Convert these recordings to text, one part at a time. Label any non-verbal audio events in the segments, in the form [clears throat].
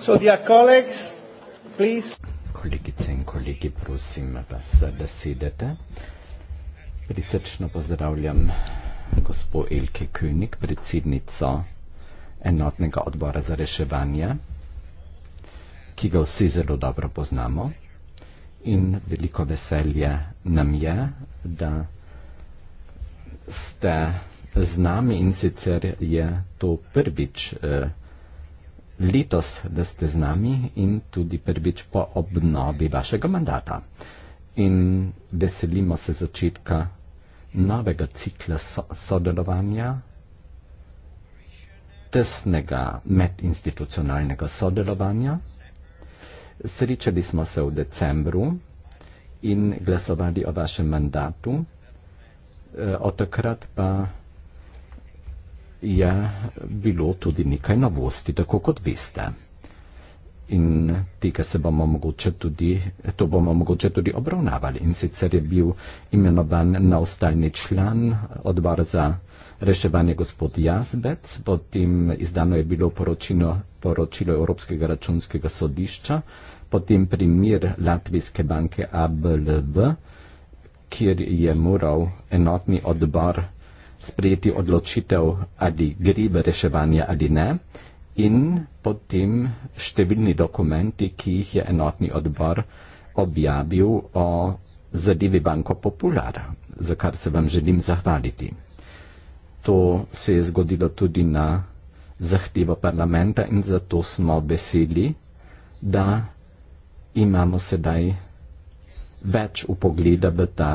So, dear colleagues, please. Kolegice in kolegi, prosim vas, da sedete. Prisrčno pozdravljam gospod Elke König, predsednico enotnega odbora za reševanje, ki ga vsi zelo dobro poznamo. In veliko veselje nam je, da ste z nami in sicer je to prvič. Eh, letos, da ste z nami in tudi prvič po obnovi vašega mandata. In veselimo se začetka novega cikla so sodelovanja, tesnega medinstitucionalnega sodelovanja. Srečali smo se v decembru in glasovali o vašem mandatu. Eh, od takrat pa je bilo tudi nekaj novosti, tako kot veste. In tega se bomo mogoče tudi, to bomo mogoče tudi obravnavali. In sicer je bil imenovan nov stalni član odbora za reševanje gospod Jazbec, potem izdano je bilo poročilo, poročilo Evropskega računskega sodišča, potem primir Latvijske banke ABLV, kjer je moral enotni odbor sprejeti odločitev, ali gre v reševanje ali ne, in potem številni dokumenti, ki jih je enotni odbor objavil o zadevi Banko Populara, za kar se vam želim zahvaliti. To se je zgodilo tudi na zahtevo parlamenta in zato smo veseli, da imamo sedaj več upogleda v ta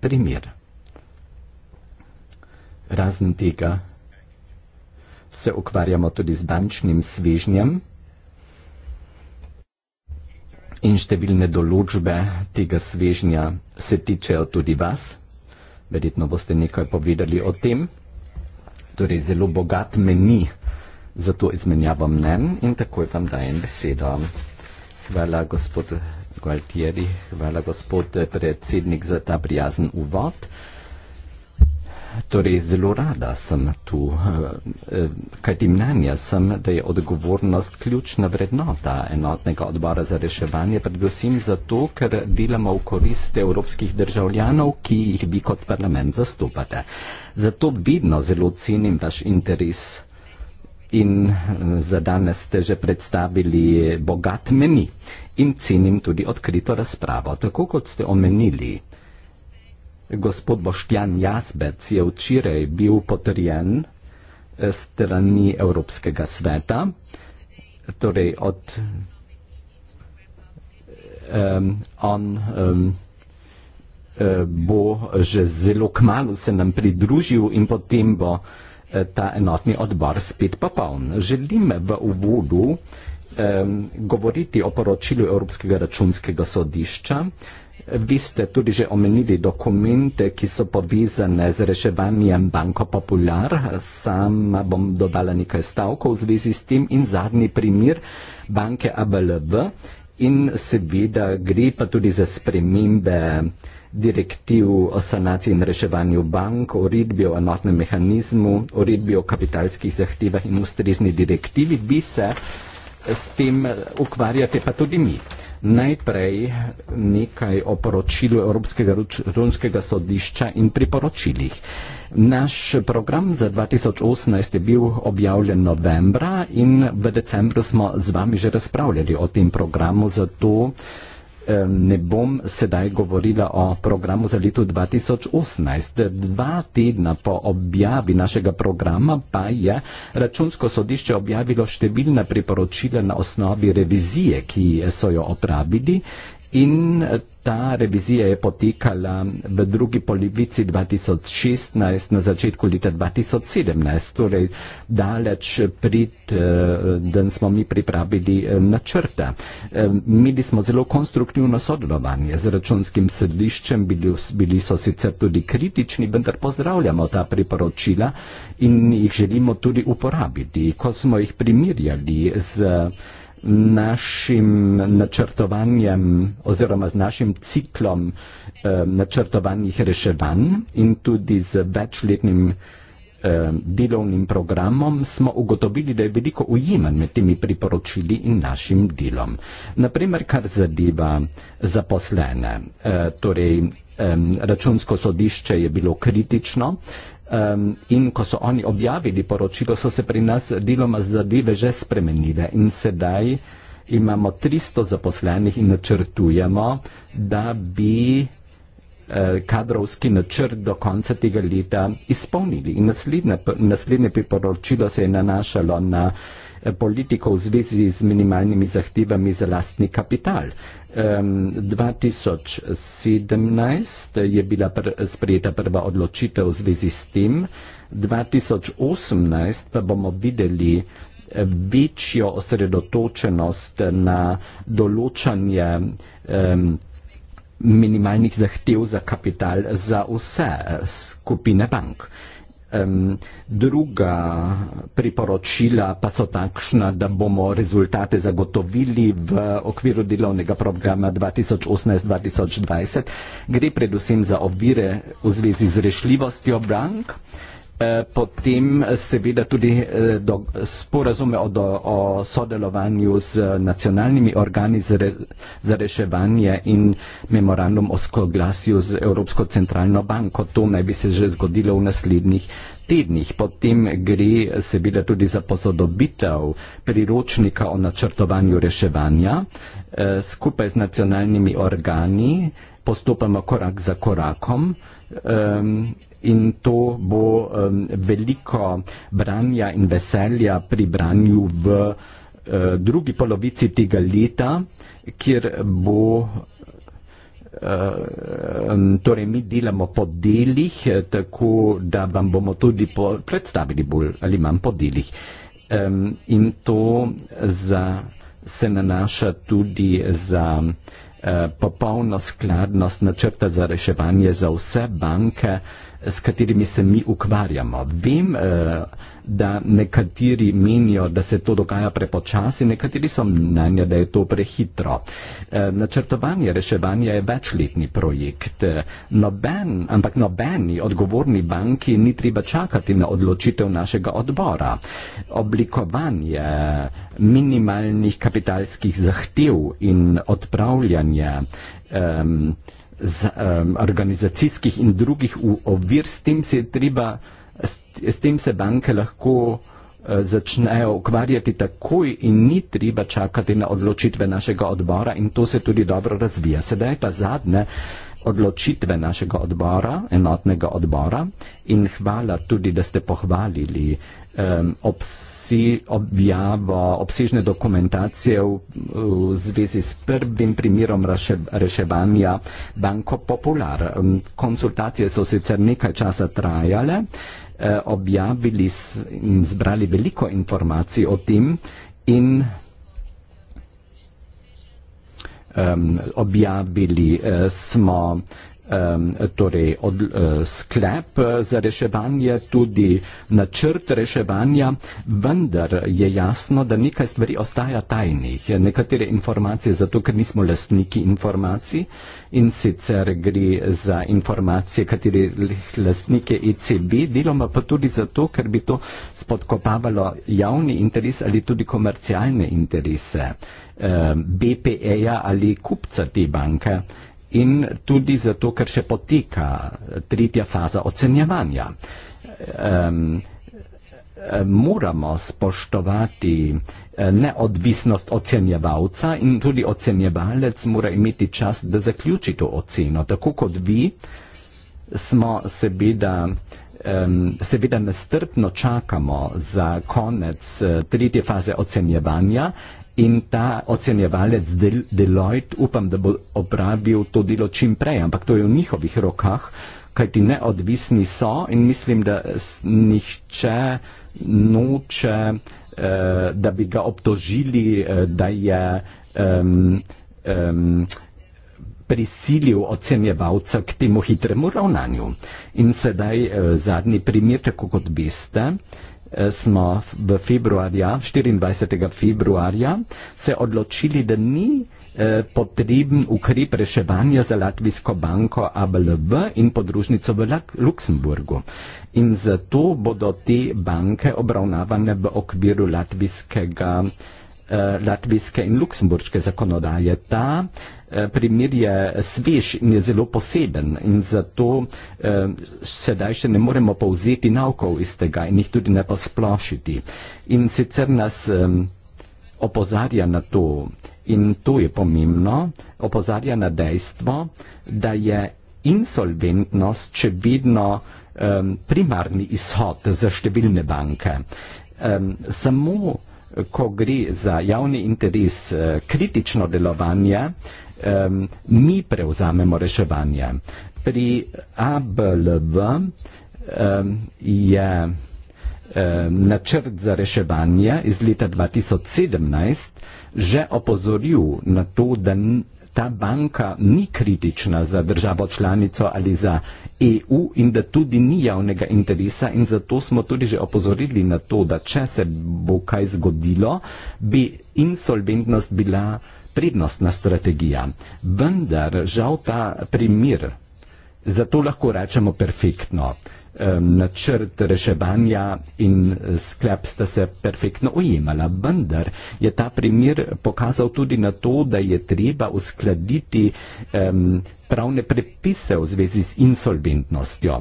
primer. Razen tega se ukvarjamo tudi z bančnim svežnjem in številne določbe tega svežnja se tičejo tudi vas. Verjetno boste nekaj povedali o tem. Torej, zelo bogat meni za to izmenjavo mnen in takoj vam dajem besedo. Hvala, gospod Gualtieri, hvala, gospod eh, predsednik, za ta prijazen uvod. Torej, zelo rada sem tu, eh, kaj ti mnenja sem, da je odgovornost ključna vrednota enotnega odbora za reševanje, predvsem zato, ker delamo v korist evropskih državljanov, ki jih vi kot parlament zastopate. Zato vidno zelo cenim vaš interes in eh, za danes ste že predstavili bogat meni in cenim tudi odkrito razpravo. Tako kot ste omenili, gospod Boštjan Jasbec je včeraj bil potrjen eh, strani Evropskega sveta, torej od um, on um, bo že zelo kmalo se nam pridružil in potem bo eh, ta enotni odbor spet popoln. Želim v uvodu um, govoriti o poročilu Evropskega računskega sodišča, vi ste tudi že omenili dokumente, ki so povezane z reševanjem Banko Popular. Sam bom dodala nekaj stavkov v zvezi s tem in zadnji primer banke ABLB in seveda gre pa tudi za spremembe direktiv o sanaciji in reševanju bank, uredbi o enotnem mehanizmu, uredbi o kapitalskih zahtevah in ustrezni direktivi. Vi se s tem ukvarjate pa tudi mi najprej nekaj o poročilu Evropskega računskega sodišča in priporočilih. Naš program za 2018 je bil objavljen novembra in v decembru smo z vami že razpravljali o tem programu, zato ne bom sedaj govorila o programu za leto 2018. Dva tedna po objavi našega programa pa je računsko sodišče objavilo številna priporočila na osnovi revizije, ki so jo opravili In ta revizija je potekala v drugi polovici 2016, na začetku leta 2017, torej daleč prid, eh, da smo mi pripravili eh, načrta. Eh, imeli smo zelo konstruktivno sodelovanje z računskim sedliščem, bili, bili so sicer tudi kritični, vendar pozdravljamo ta priporočila in jih želimo tudi uporabiti. Ko smo jih primirjali z našim načrtovanjem oziroma z našim ciklom eh, načrtovanih reševanj in tudi z večletnim eh, delovnim programom smo ugotovili, da je veliko ujemanj med temi priporočili in našim delom. Naprimer, kar zadeva zaposlene, eh, torej eh, računsko sodišče je bilo kritično, Um, in ko so oni objavili poročilo, so se pri nas deloma zadeve že spremenile in sedaj imamo 300 zaposlenih in načrtujemo, da bi eh, kadrovski načrt do konca tega leta izpolnili. In naslednje, naslednje priporočilo se je nanašalo na politikov v zvezi z minimalnimi zahtevami za lastni kapital. Um, 2017 je bila pr sprejeta prva odločitev v zvezi s tem, 2018 pa bomo videli eh, večjo osredotočenost na določanje um, minimalnih zahtev za kapital za vse eh, skupine bank. Um, druga priporočila pa so takšna, da bomo rezultate zagotovili v okviru delovnega programa 2018-2020. Gre predvsem za ovire v zvezi z rešljivostjo bank. Eh, potem seveda tudi eh, do, sporazume o, do, o sodelovanju z eh, nacionalnimi organi za, re, za reševanje in memorandum o skoglasju z Evropsko centralno banko. To naj bi se že zgodilo v naslednjih tednih. Potem gre seveda tudi za posodobitev priročnika o načrtovanju reševanja eh, skupaj z nacionalnimi organi, postopamo korak za korakom. Eh, in to bo um, veliko branja in veselja pri branju v uh, drugi polovici tega leta, kjer bo Torej, mi delamo po delih, e, tako da vam bomo tudi predstavili bolj ali manj po delih. In to za, se nanaša tudi za e, popolno skladnost načrta za reševanje za vse banke, s katerimi se mi ukvarjamo. Vem, eh, da nekateri menijo, da se to dogaja prepočasi, nekateri so mnenja, da je to prehitro. Eh, načrtovanje reševanja je večletni projekt. Eh, noben, ampak nobeni odgovorni banki ni treba čakati na odločitev našega odbora. Oblikovanje minimalnih kapitalskih zahtev in odpravljanje um, um, organizacijskih in drugih ovir, s tem se, treba, s, s tem se banke lahko uh, začnejo ukvarjati takoj in ni treba čakati na odločitve našega odbora in to se tudi dobro razvija. Sedaj pa zadnje odločitve našega odbora, enotnega odbora in hvala tudi, da ste pohvalili uh, obsi, objava obsežne dokumentacije v, v zvezi s prvim primerom reše, reševanja Banko Popular. Konsultacije so sicer nekaj časa trajale, e, objavili in zbrali veliko informacij o tem in Um, objavili uh, smo torej od, e, sklep za reševanje, tudi načrt reševanja, vendar je jasno, da nekaj stvari ostaja tajnih. Nekatere informacije zato, ker nismo lastniki informacij in sicer gre za informacije, katere lastnike ECB, deloma pa tudi zato, ker bi to spodkopavalo javni interes ali tudi komercialne interese. E, BPE-ja ali kupca te banke in tudi zato, ker še poteka tretja faza ocenjevanja. Um, moramo spoštovati eh, neodvisnost ocenjevalca in tudi ocenjevalec mora imeti čas, da zaključi to oceno. Tako kot vi smo seveda, um, seveda nestrpno čakamo za konec eh, tretje faze ocenjevanja, uh, In ta ocenjevalec Del Deloitte upam, da bo opravil to delo čim prej, ampak to je v njihovih rokah, kajti neodvisni so in mislim, da nihče noče, eh, da bi ga obtožili, eh, da je um, um, prisilil ocenjevalca k temu hitremu ravnanju. In sedaj eh, zadnji primer, tako kot veste. Eh, Eh, smo v februarja, 24. februarja, se odločili, da ni eh, potreben ukrep reševanja za Latvijsko banko ABLB in podružnico v Luksemburgu. In zato bodo te banke obravnavane v okviru Latvijskega eh, Eh, latvijske in luksemburške zakonodaje. Ta eh, primer je svež in je zelo poseben in zato eh, sedaj še ne moremo povzeti naukov iz tega in jih tudi ne posplošiti. In sicer nas opozarja na to in to je pomembno, opozarja na dejstvo, da je insolventnost še vedno primarni izhod za številne banke. Samo ko gre za javni interes eh, kritično delovanje, mi prevzamemo reševanje. Pri ABLV je načrt za reševanje iz leta 2017 že opozoril na to, da ta banka ni kritična za državo članico ali za EU in da tudi ni javnega interesa in zato smo tudi že opozorili na to, da če se bo kaj zgodilo, bi insolventnost bila prednostna strategija. Vendar žal ta primir, zato lahko rečemo perfektno načrt reševanja in eh, sklep sta se perfektno ujemala. Vendar je ta primer pokazal tudi na to, da je treba uskladiti um, pravne prepise v zvezi z insolventnostjo.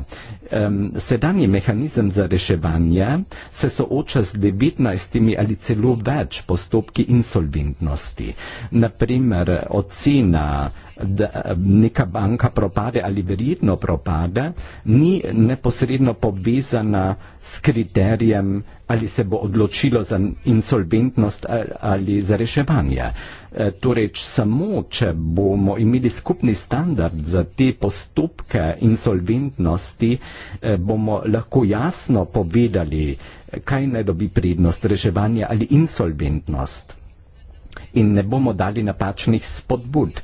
Um, sedanji mehanizem za reševanje se sooča z 19 ali celo več postopki insolventnosti. Naprimer, ocena da neka banka propade ali verjetno propade, ni neposredno povezana s kriterijem, ali se bo odločilo za insolventnost ali za reševanje. E, torej, samo če bomo imeli skupni standard za te postopke insolventnosti, e, bomo lahko jasno povedali, e, kaj naj dobi prednost reševanje ali insolventnost in ne bomo dali napačnih spodbud.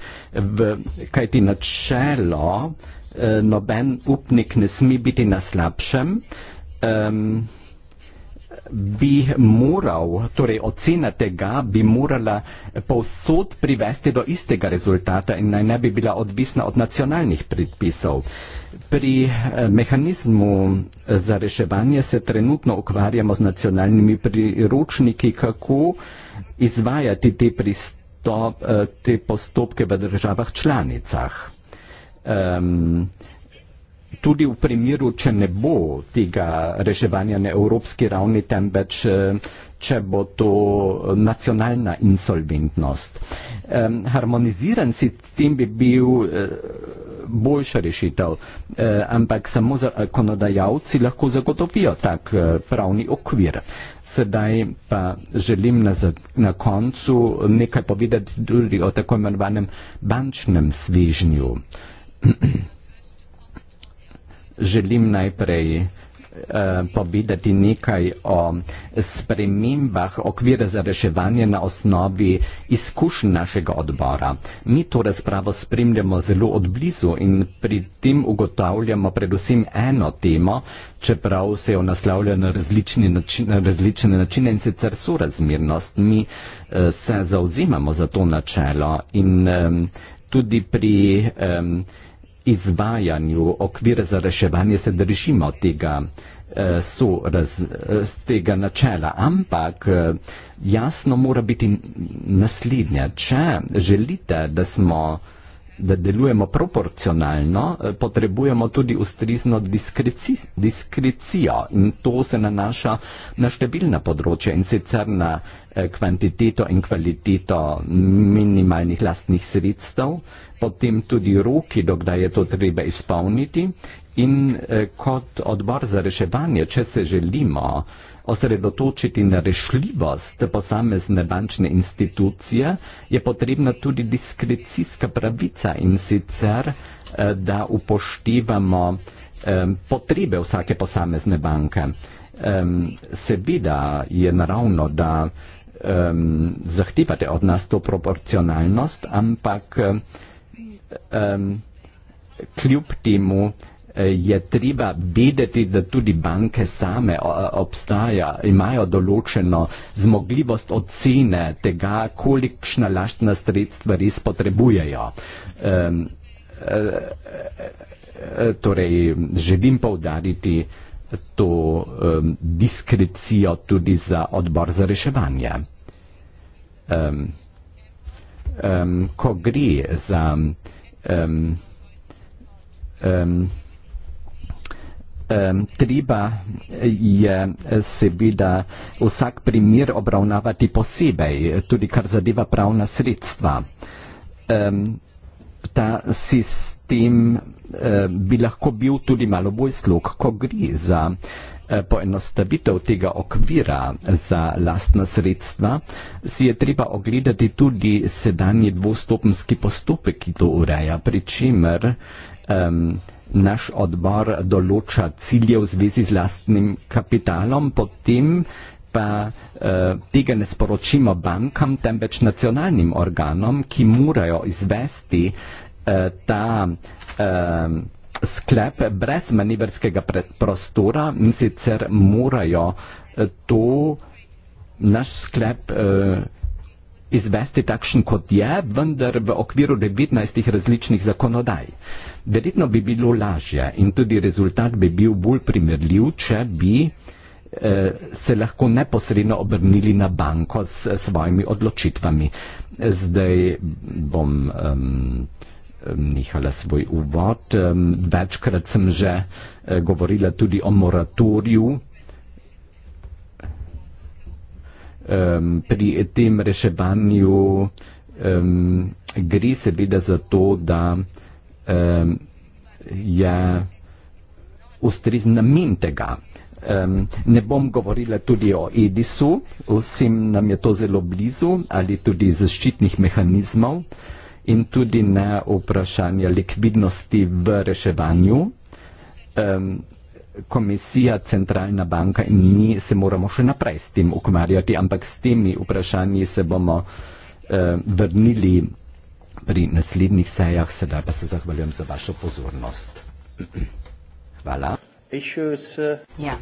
V, kaj ti načelo, eh, noben upnik ne sme biti na slabšem. Um, bi moral, torej ocena tega bi morala povsod privesti do istega rezultata in naj ne bi bila odvisna od nacionalnih predpisov. Pri eh, mehanizmu za reševanje se trenutno ukvarjamo z nacionalnimi priročniki, kako izvajati te, pristop, eh, te postopke v državah članicah. Um, tudi v primeru, če ne bo tega reševanja na evropski ravni, temveč eh, če bo to nacionalna insolventnost. Um, harmoniziran sistem bi bil uh, boljša rešitev, uh, ampak samo zakonodajalci lahko zagotovijo tak uh, pravni okvir. Sedaj pa želim na, na koncu nekaj povedati tudi o tako imenovanem bančnem svežnju. [clears throat] želim najprej eh, povedati nekaj o spremembah okvira za reševanje na osnovi izkušenj našega odbora. Mi to razpravo spremljamo zelo od blizu in pri tem ugotavljamo predvsem eno temo, čeprav se jo naslavlja na različne, način, na različne načine in sicer sorazmernost. Mi eh, se zauzemamo za to načelo in eh, tudi pri um, izvajanju, okvir za reševanje se držimo tega, eh, so raz, eh, tega načela. Ampak eh, jasno mora biti naslednje, če želite, da smo da delujemo proporcionalno, eh, potrebujemo tudi ustrezno diskreci, diskrecijo in to se nanaša na številna področja in sicer na eh, kvantiteto in kvaliteto minimalnih lastnih sredstev, potem tudi roki, dokdaj je to treba izpolniti in eh, kot odbor za reševanje, če se želimo osredotočiti na rešljivost posamezne bančne institucije, je potrebna tudi diskrecijska pravica in sicer, eh, da upoštevamo eh, potrebe vsake posamezne banke. Seveda je naravno, da zahtevate od nas to proporcionalnost, ampak kljub temu, je treba vedeti, da tudi banke same obstaja, imajo določeno zmogljivost ocene tega, kolikšna lastna sredstva res potrebujejo. Um, torej, želim povdariti to um, diskrecijo tudi za odbor za reševanje. Um, um, ko gre za um, um, treba je eh, seveda vsak primer obravnavati posebej, tudi kar zadeva pravna sredstva. Um, ta sistem um, bi lahko bil tudi malo bolj slog, ko gre za eh, poenostavitev tega okvira za lastna sredstva, si je treba ogledati tudi sedanji dvostopenski postopek, ki to ureja, pri čemer um, naš odbor določa cilje v zvezi z lastnim kapitalom, potem pa eh, tega ne sporočimo bankam, temveč nacionalnim organom, ki morajo izvesti eh, ta eh, sklep brez manevrskega prostora in sicer morajo eh, to naš sklep eh, izvesti takšen, kot je, vendar v okviru 19 različnih zakonodaj. Verjetno bi bilo lažje in tudi rezultat bi bil bolj primerljiv, če bi eh, se lahko neposredno obrnili na banko s svojimi odločitvami. Zdaj bom um, nehala svoj uvod. Večkrat sem že eh, govorila tudi o moratoriju, um, pri tem reševanju um, gre seveda za to, da um, je ustrezen namen tega. Um, ne bom govorila tudi o Edisu, vsem nam je to zelo blizu ali tudi zaščitnih mehanizmov in tudi ne vprašanja likvidnosti v reševanju. Um, komisija, centralna banka in mi se moramo še naprej s tem ukvarjati, ampak s temi vprašanji se bomo eh, vrnili pri naslednjih sejah. Sedaj pa se zahvaljujem za vašo pozornost. [clears throat] Hvala. Eh. Ja,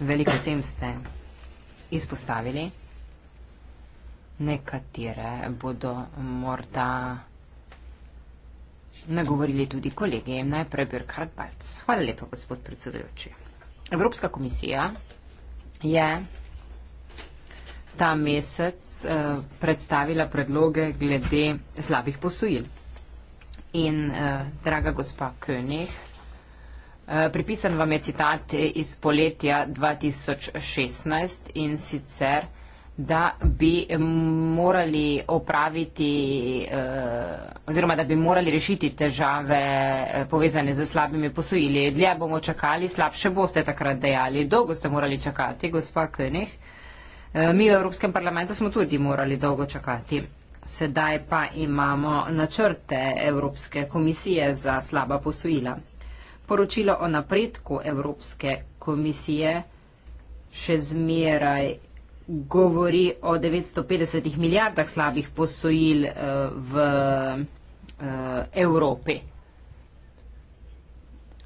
veliko tem ste izpostavili. Nekatere bodo morda nagovorili tudi kolegi. Najprej Birkhard Balc. Hvala lepa, gospod predsedujoči. Evropska komisija je ta mesec eh, predstavila predloge glede slabih posojil. In, eh, draga gospa König, eh, pripisan vam je citat iz poletja 2016 in sicer da bi morali opraviti eh, oziroma da bi morali rešiti težave eh, povezane z slabimi posojili. Dlje bomo čakali, slabše boste takrat dejali. Dolgo ste morali čakati, gospa Könih. Eh, mi v Evropskem parlamentu smo tudi morali dolgo čakati. Sedaj pa imamo načrte Evropske komisije za slaba posojila. Poročilo o napredku Evropske komisije še zmeraj govori o 950 milijardah slabih posojil eh, v eh, Evropi.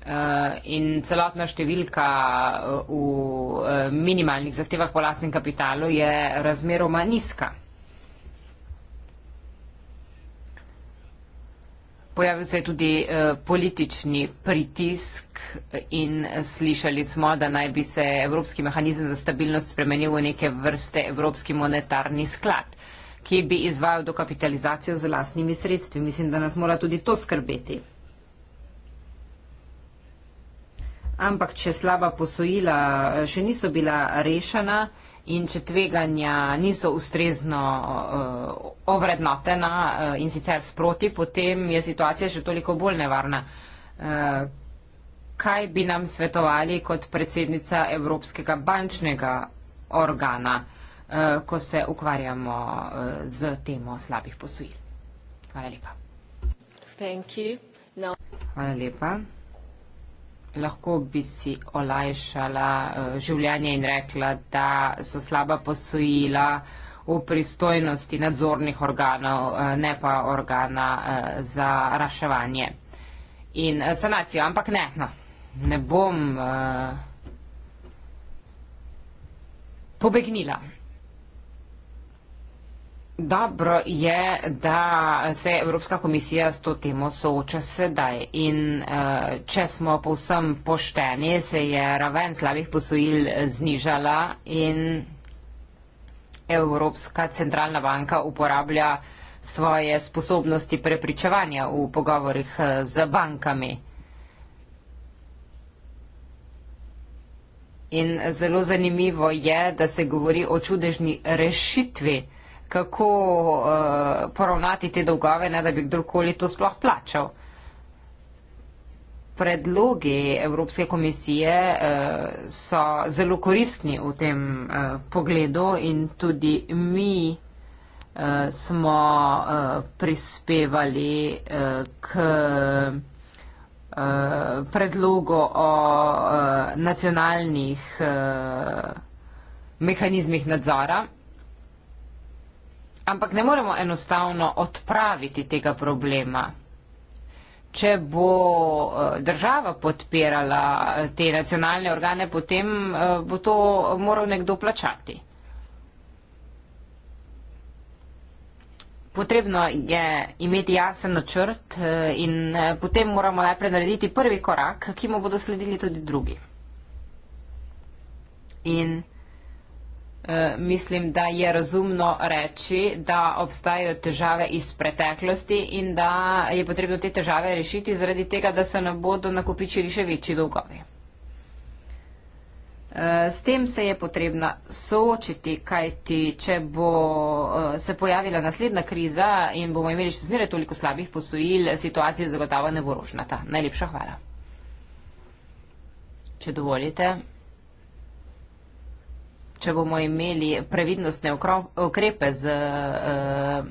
Eh, in celotna številka v minimalnih zahtevah po lastnem kapitalu je razmeroma nizka. Pojavil se je tudi eh, politični pritisk eh, in slišali smo, da naj bi se Evropski mehanizem za stabilnost spremenil v neke vrste Evropski monetarni sklad, ki bi izvajal dokapitalizacijo z lastnimi sredstvi. Mislim, da nas mora tudi to skrbeti. Ampak, če slaba posojila eh, še niso bila rešena, in če tveganja niso ustrezno uh, ovrednotena uh, in sicer sproti, potem je situacija še toliko bolj nevarna. Uh, kaj bi nam svetovali kot predsednica Evropskega bančnega organa, uh, ko se ukvarjamo uh, z temo slabih posojil? Hvala lepa. No. Hvala lepa lahko bi si olajšala eh, življenje in rekla, da so slaba posojila v pristojnosti nadzornih organov, eh, ne pa organa eh, za raševanje in sanacijo. Ampak ne, no, ne bom uh, pobegnila. Dobro je, da se Evropska komisija s to temo sooča sedaj in eh, če smo povsem pošteni, se je raven slabih posojil znižala in Evropska centralna banka uporablja svoje sposobnosti prepričevanja v pogovorih eh, z bankami. In zelo zanimivo je, da se govori o čudežni rešitvi vsega kako uh, poravnati te dolgove, ne da bi kdorkoli to sploh plačal. Predlogi Evropske komisije uh, so zelo koristni v tem uh, pogledu in tudi mi uh, smo uh, prispevali uh, k uh, predlogu o uh, nacionalnih uh, mehanizmih nadzora. Ampak ne moremo enostavno odpraviti tega problema. Če bo eh, država podpirala eh, te nacionalne organe, potem eh, bo to moral nekdo plačati. Potrebno je imeti jasen načrt in potem moramo najprej narediti prvi korak, ki mu bodo sledili tudi drugi. In Eh, mislim, da je razumno reči, da obstajajo težave iz preteklosti in da je potrebno te težave rešiti zaradi tega, da se ne bodo nakopičili še večji dolgovi. Eh, s tem se je potrebno soočiti, kajti če bo eh, se pojavila naslednja kriza in bomo imeli še zmeraj toliko slabih posojil, situacija zagotovo ne bo rožnata. Najlepša hvala. Če dovolite, če bomo imeli previdnostne ukrepe z eh,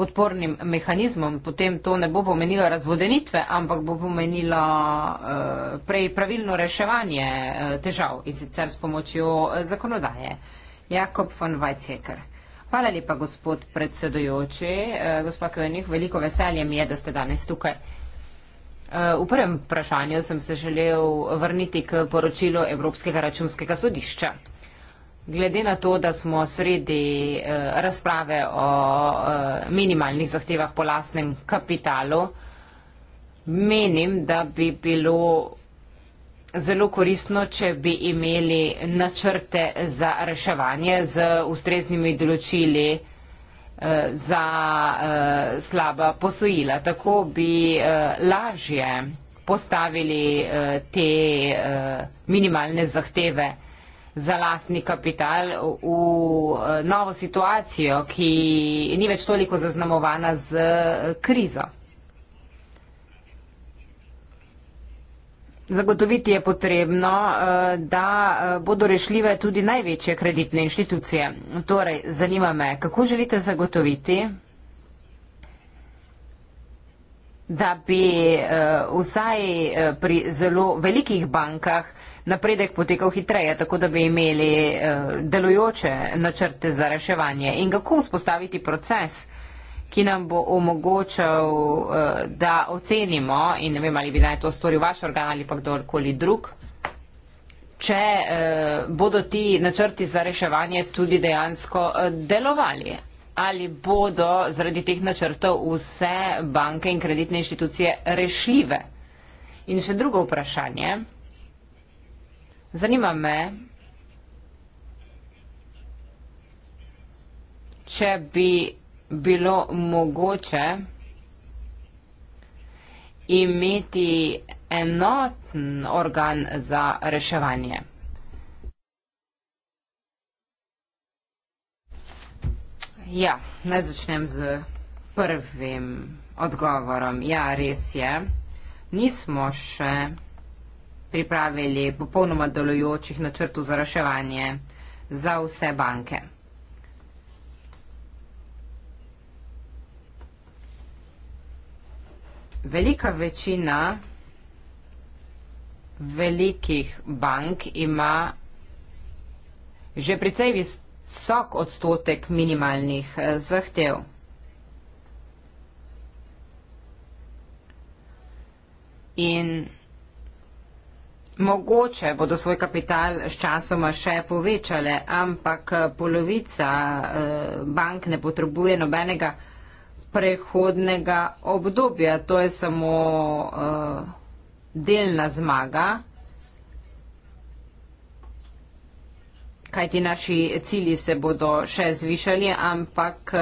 podpornim mehanizmom, potem to ne bo pomenilo razvodenitve, ampak bo pomenilo eh, prej pravilno reševanje eh, težav in sicer s pomočjo zakonodaje. Jakob von Weizsäcker. Hvala lepa, gospod predsedujoči. Gospod Kojenih, veliko veselje mi je, da ste danes tukaj. V prvem vprašanju sem se želel vrniti k poročilu Evropskega računskega sodišča. Glede na to, da smo sredi eh, razprave o eh, minimalnih zahtevah po lastnem kapitalu, menim, da bi bilo zelo koristno, če bi imeli načrte za reševanje z ustreznimi določili eh, za slaba posojila. Tako bi lažje postavili te minimalne zahteve za lastni kapital v eh, novo situacijo, ki ni več toliko zaznamovana z eh, krizo. Zagotoviti je potrebno, eh, da bodo rešljive tudi največje kreditne inštitucije. Torej, zanima me, kako želite zagotoviti, da bi vsaj pri zelo velikih bankah napredek potekal hitreje, tako da bi imeli uh, delujoče načrte za reševanje in kako vzpostaviti proces, ki nam bo omogočal, uh, da ocenimo in ne vem, ali bi naj to storil vaš organ ali pa kdorkoli drug, če uh, bodo ti načrti za reševanje tudi dejansko uh, delovali. Ali bodo zaradi teh načrtov vse banke in kreditne inštitucije rešljive? In še drugo vprašanje. Zanima me, če bi bilo mogoče imeti enoten organ za reševanje. Ja, naj začnem z prvim odgovorom. Ja, res je, nismo še pripravili popolnoma delujočih načrtov za reševanje za vse banke. Velika večina velikih bank ima že precej visok odstotek minimalnih eh, zahtev. In Mogoče bodo svoj kapital s časoma še povečale, ampak eh, polovica eh, bank ne potrebuje nobenega prehodnega obdobja. To je samo eh, delna zmaga. Kaj ti naši cilji se bodo še zvišali, ampak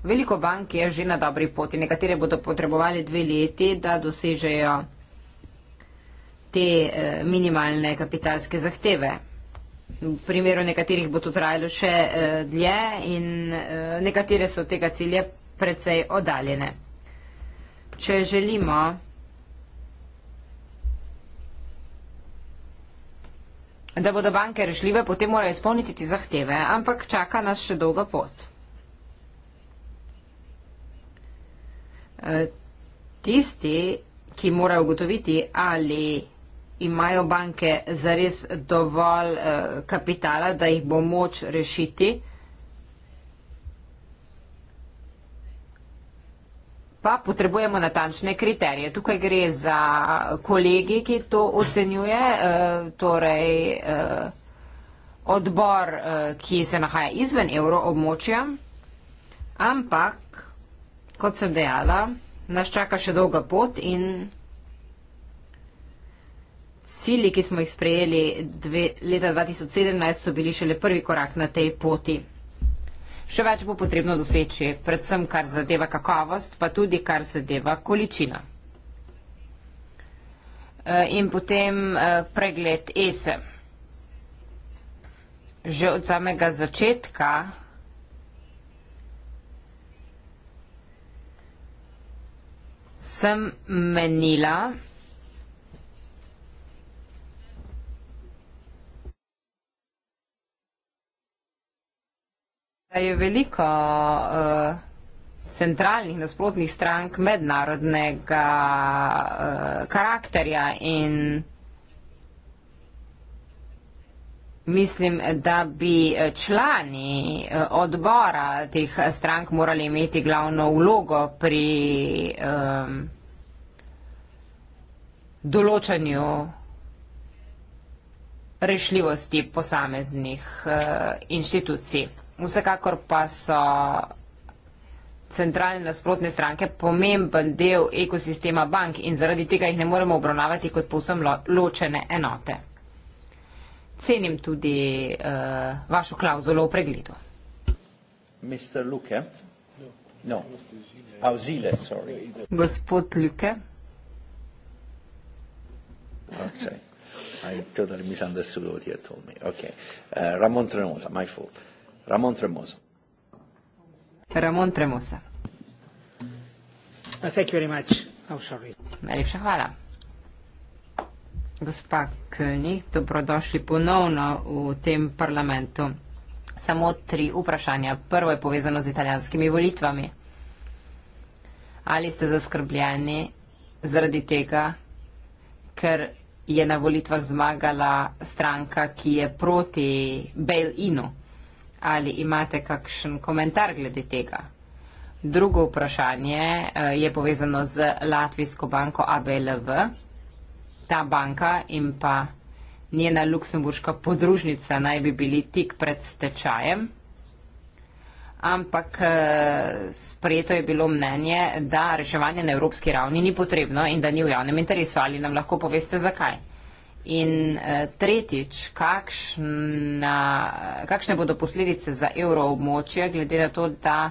veliko bank je že na dobri poti. Nekatere bodo potrebovali dve leti, da dosežejo te eh, minimalne kapitalske zahteve. V primeru nekaterih bo to trajalo še eh, dlje in eh, nekatere so od tega cilje precej oddaljene. Če želimo da bodo banke rešljive, potem morajo izpolniti ti zahteve, ampak čaka nas še dolga pot. Tisti, ki morajo ugotoviti, ali imajo banke zares dovolj eh, kapitala, da jih bo moč rešiti? Pa potrebujemo natančne kriterije. Tukaj gre za kolegi, ki to ocenjuje, eh, torej eh, odbor, ki se nahaja izven euroobmočja, ampak, kot sem dejala, nas čaka še dolga pot in cilji, ki smo jih sprejeli dve, leta 2017, so bili šele prvi korak na tej poti. Še več bo potrebno doseči, predvsem kar zadeva kakovost, pa tudi kar zadeva količina. E, in potem e, pregled ESE. Že od samega začetka sem menila, je veliko uh, centralnih nasprotnih strank mednarodnega uh, karakterja in mislim, da bi člani eh, odbora teh strank morali imeti glavno vlogo pri um, določanju rešljivosti posameznih uh, inštitucij. Vsekakor pa so centralne nasprotne stranke pomemben del ekosistema bank in zaradi tega jih ne moremo obravnavati kot povsem ločene enote. Cenim tudi uh, vašo klauzulo v pregledu. Luke. No. No. Auzile, oh, Gospod Luke. Okay. I totally misunderstood what you told me. Okay. Uh, Ramon Trenosa, my fault. Uh, Ramón Tremosa. Ramón Tremosa. Uh, thank you very much. Oh, sorry. Najlepša hvala. Gospa König, dobrodošli ponovno v tem parlamentu. Samo tri vprašanja. Prvo je povezano z italijanskimi volitvami. Ali ste zaskrbljeni zaradi tega, ker je na volitvah zmagala stranka, ki je proti bail-inu? ali imate kakšen komentar glede tega? Drugo vprašanje eh, je povezano z Latvijsko banko ABLV. Ta banka in pa njena luksemburška podružnica naj bi bili tik pred stečajem, ampak eh, sprejeto je bilo mnenje, da reševanje na evropski ravni ni potrebno in da ni v javnem interesu. Ali nam lahko poveste zakaj? In eh, tretjič, kakšna, kakšne bodo posledice za evroobmočje, glede na to, da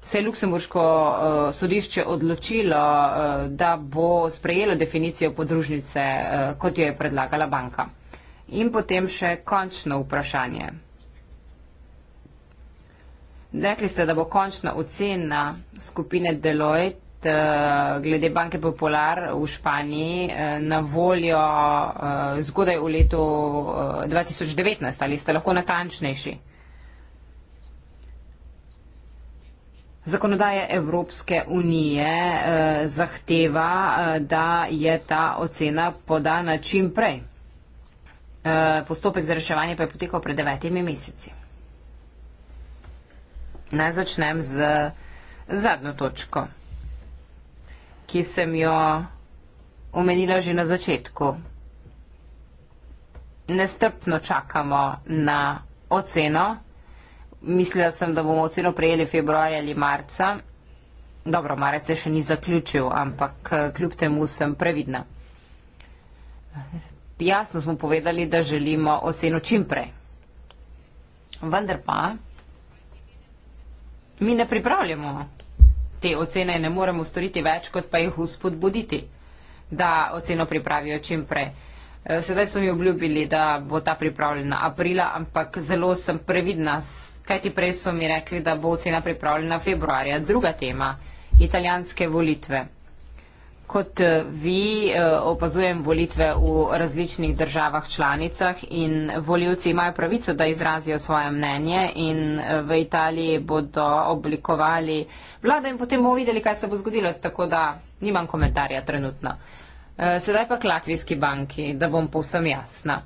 se je Luksemburško eh, sodišče odločilo, eh, da bo sprejelo definicijo podružnice, kot jo je predlagala banka. In potem še končno vprašanje. Rekli ste, da bo končna ocena skupine Deloitte uh, glede banke Popular v Španiji uh, na voljo uh, zgodaj v letu uh, 2019? Ali ste lahko natančnejši? Zakonodaje Evropske unije eh, zahteva, eh, da je ta ocena podana čim prej. Eh, postopek za reševanje pa je potekal pred devetimi meseci. Naj začnem z zadnjo točko ki sem jo omenila že na začetku. Nestrpno čakamo na oceno. Mislila sem, da bomo oceno prejeli februarja ali marca. Dobro, marec se še ni zaključil, ampak eh, kljub temu sem previdna. Jasno smo povedali, da želimo oceno čim prej. Vendar pa mi ne pripravljamo te ocene ne moremo storiti več, kot pa jih uspodbuditi, da oceno pripravijo čim prej. E, sedaj so mi obljubili, da bo ta pripravljena aprila, ampak zelo sem previdna, kajti prej so mi rekli, da bo ocena pripravljena februarja. Druga tema, italijanske volitve kot eh, vi eh, opazujem volitve v različnih državah članicah in voljivci imajo pravico, da izrazijo svoje mnenje in eh, v Italiji bodo oblikovali vlado in potem bomo videli, kaj se bo zgodilo, tako da nimam komentarja trenutno. Sedaj pa k Latvijski banki, da bom povsem jasna.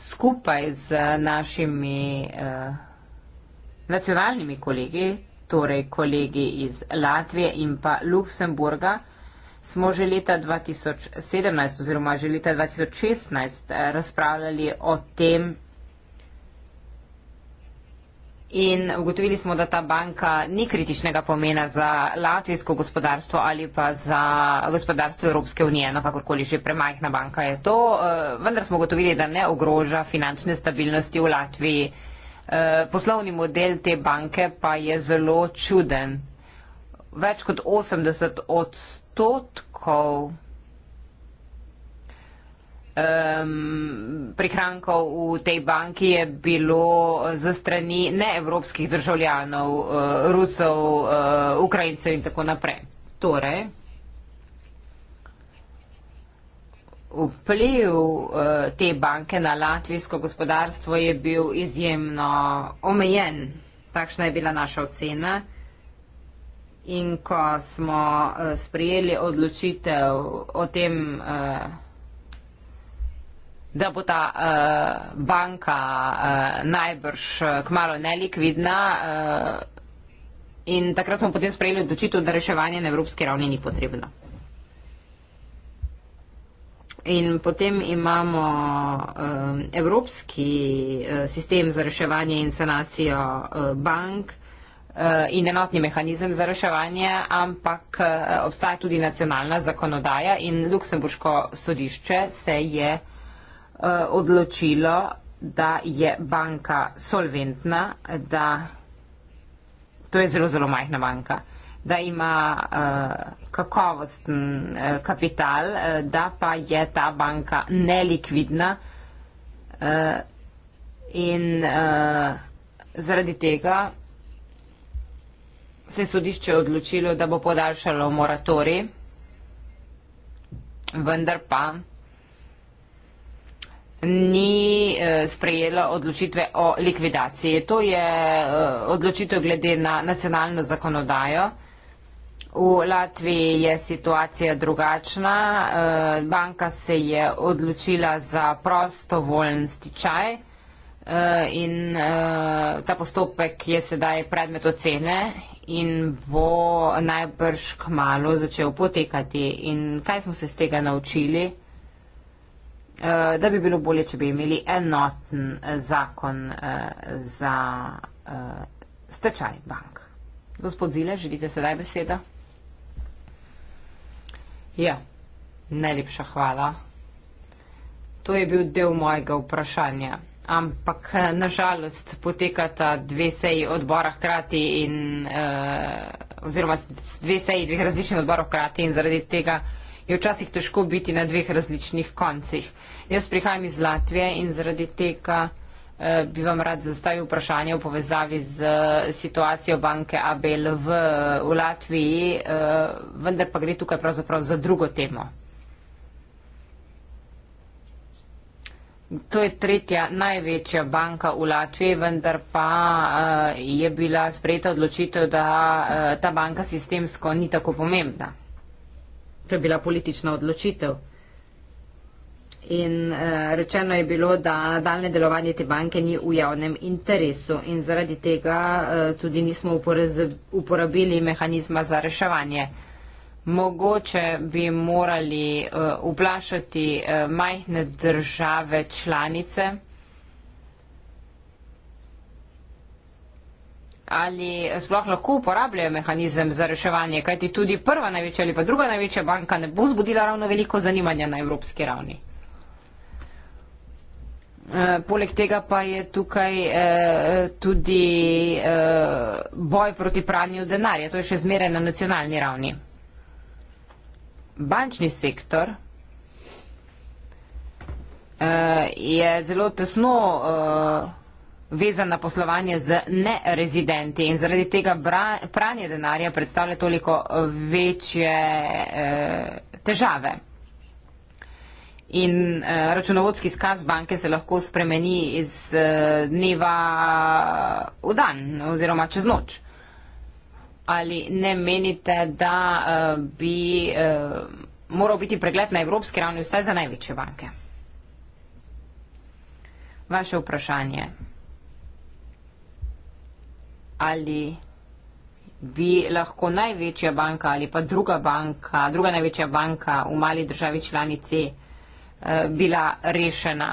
Skupaj z našimi nacionalnimi kolegi, torej kolegi iz Latvije in pa Luksemburga, smo že leta 2017 oziroma že leta 2016 eh, razpravljali o tem in ugotovili smo, da ta banka ni kritičnega pomena za latvijsko gospodarstvo ali pa za gospodarstvo Evropske unije, no kakorkoli že premajhna banka je to, eh, vendar smo ugotovili, da ne ogroža finančne stabilnosti v Latviji. Eh, poslovni model te banke pa je zelo čuden. Več kot 80 odstotkov odstotkov um, prihrankov v tej banki je bilo za strani neevropskih državljanov, uh, Rusov, uh, Ukrajincev in tako naprej. Torej, vpliv uh, te banke na latvijsko gospodarstvo je bil izjemno omejen. Takšna je bila naša ocena. In ko smo uh, sprejeli odločitev o tem, uh, da bo ta uh, banka uh, najbrž kmalo nelikvidna, uh, in takrat smo potem sprejeli odločitev, da reševanje na evropski ravni ni potrebno. In potem imamo um, evropski uh, sistem za reševanje in sanacijo uh, bank, uh, Eh, in enotni mehanizem za reševanje, ampak eh, obstaja tudi nacionalna zakonodaja in Luksemburško sodišče se je eh, odločilo, da je banka solventna, da to je zelo, zelo majhna banka da ima uh, kakovosten uh, kapital, uh, da pa je ta banka nelikvidna uh, in uh, zaradi tega se je sodišče odločilo, da bo podaljšalo moratorij, vendar pa ni eh, sprejela odločitve o likvidaciji. To je eh, odločitev glede na nacionalno zakonodajo. V Latviji je situacija drugačna. Eh, banka se je odločila za prostovoljen stičaj. Eh, in eh, ta postopek je sedaj predmet ocene in bo najbrž k malu začel potekati. In kaj smo se z tega naučili? Eh, da bi bilo bolje, če bi imeli enoten zakon za stečaj bank. Gospod Zile, želite sedaj besedo? Ja, najlepša hvala. To je bil del mojega vprašanja ampak eh, nažalost potekata dve seji odbora hkrati in eh, oziroma dve seji dveh različnih odborov hkrati in zaradi tega je včasih težko biti na dveh različnih koncih. Jaz prihajam iz Latvije in zaradi tega eh, bi vam rad zastavil vprašanje v povezavi z eh, situacijo banke ABL v, eh, v Latviji, eh, vendar pa gre tukaj pravzaprav za drugo temo. To je tretja največja banka v Latviji, vendar pa uh, je bila sprejeta odločitev, da uh, ta banka sistemsko ni tako pomembna. To je bila politična odločitev. In uh, rečeno je bilo, da daljne delovanje te banke ni v javnem interesu in zaradi tega uh, tudi nismo uporabili mehanizma za reševanje mogoče bi morali uh, eh, uplašati uh, eh, majhne države članice. Ali sploh lahko uporabljajo mehanizem za reševanje, kajti tudi prva največja ali pa druga največja banka ne bo zbudila ravno veliko zanimanja na evropski ravni. Eh, poleg tega pa je tukaj eh, tudi eh, boj proti pranju denarja, to je še zmeraj na nacionalni ravni bančni sektor eh, je zelo tesno eh, vezan na poslovanje z nerezidenti in zaradi tega pranje denarja predstavlja toliko eh, večje težave. In računovodski skaz banke se lahko spremeni iz dneva v dan oziroma čez noč ali ne menite, da eh, bi eh, moral biti pregled na evropski ravni vsaj za največje banke? Vaše vprašanje. Ali bi lahko največja banka ali pa druga banka, druga največja banka v mali državi članici eh, bila rešena?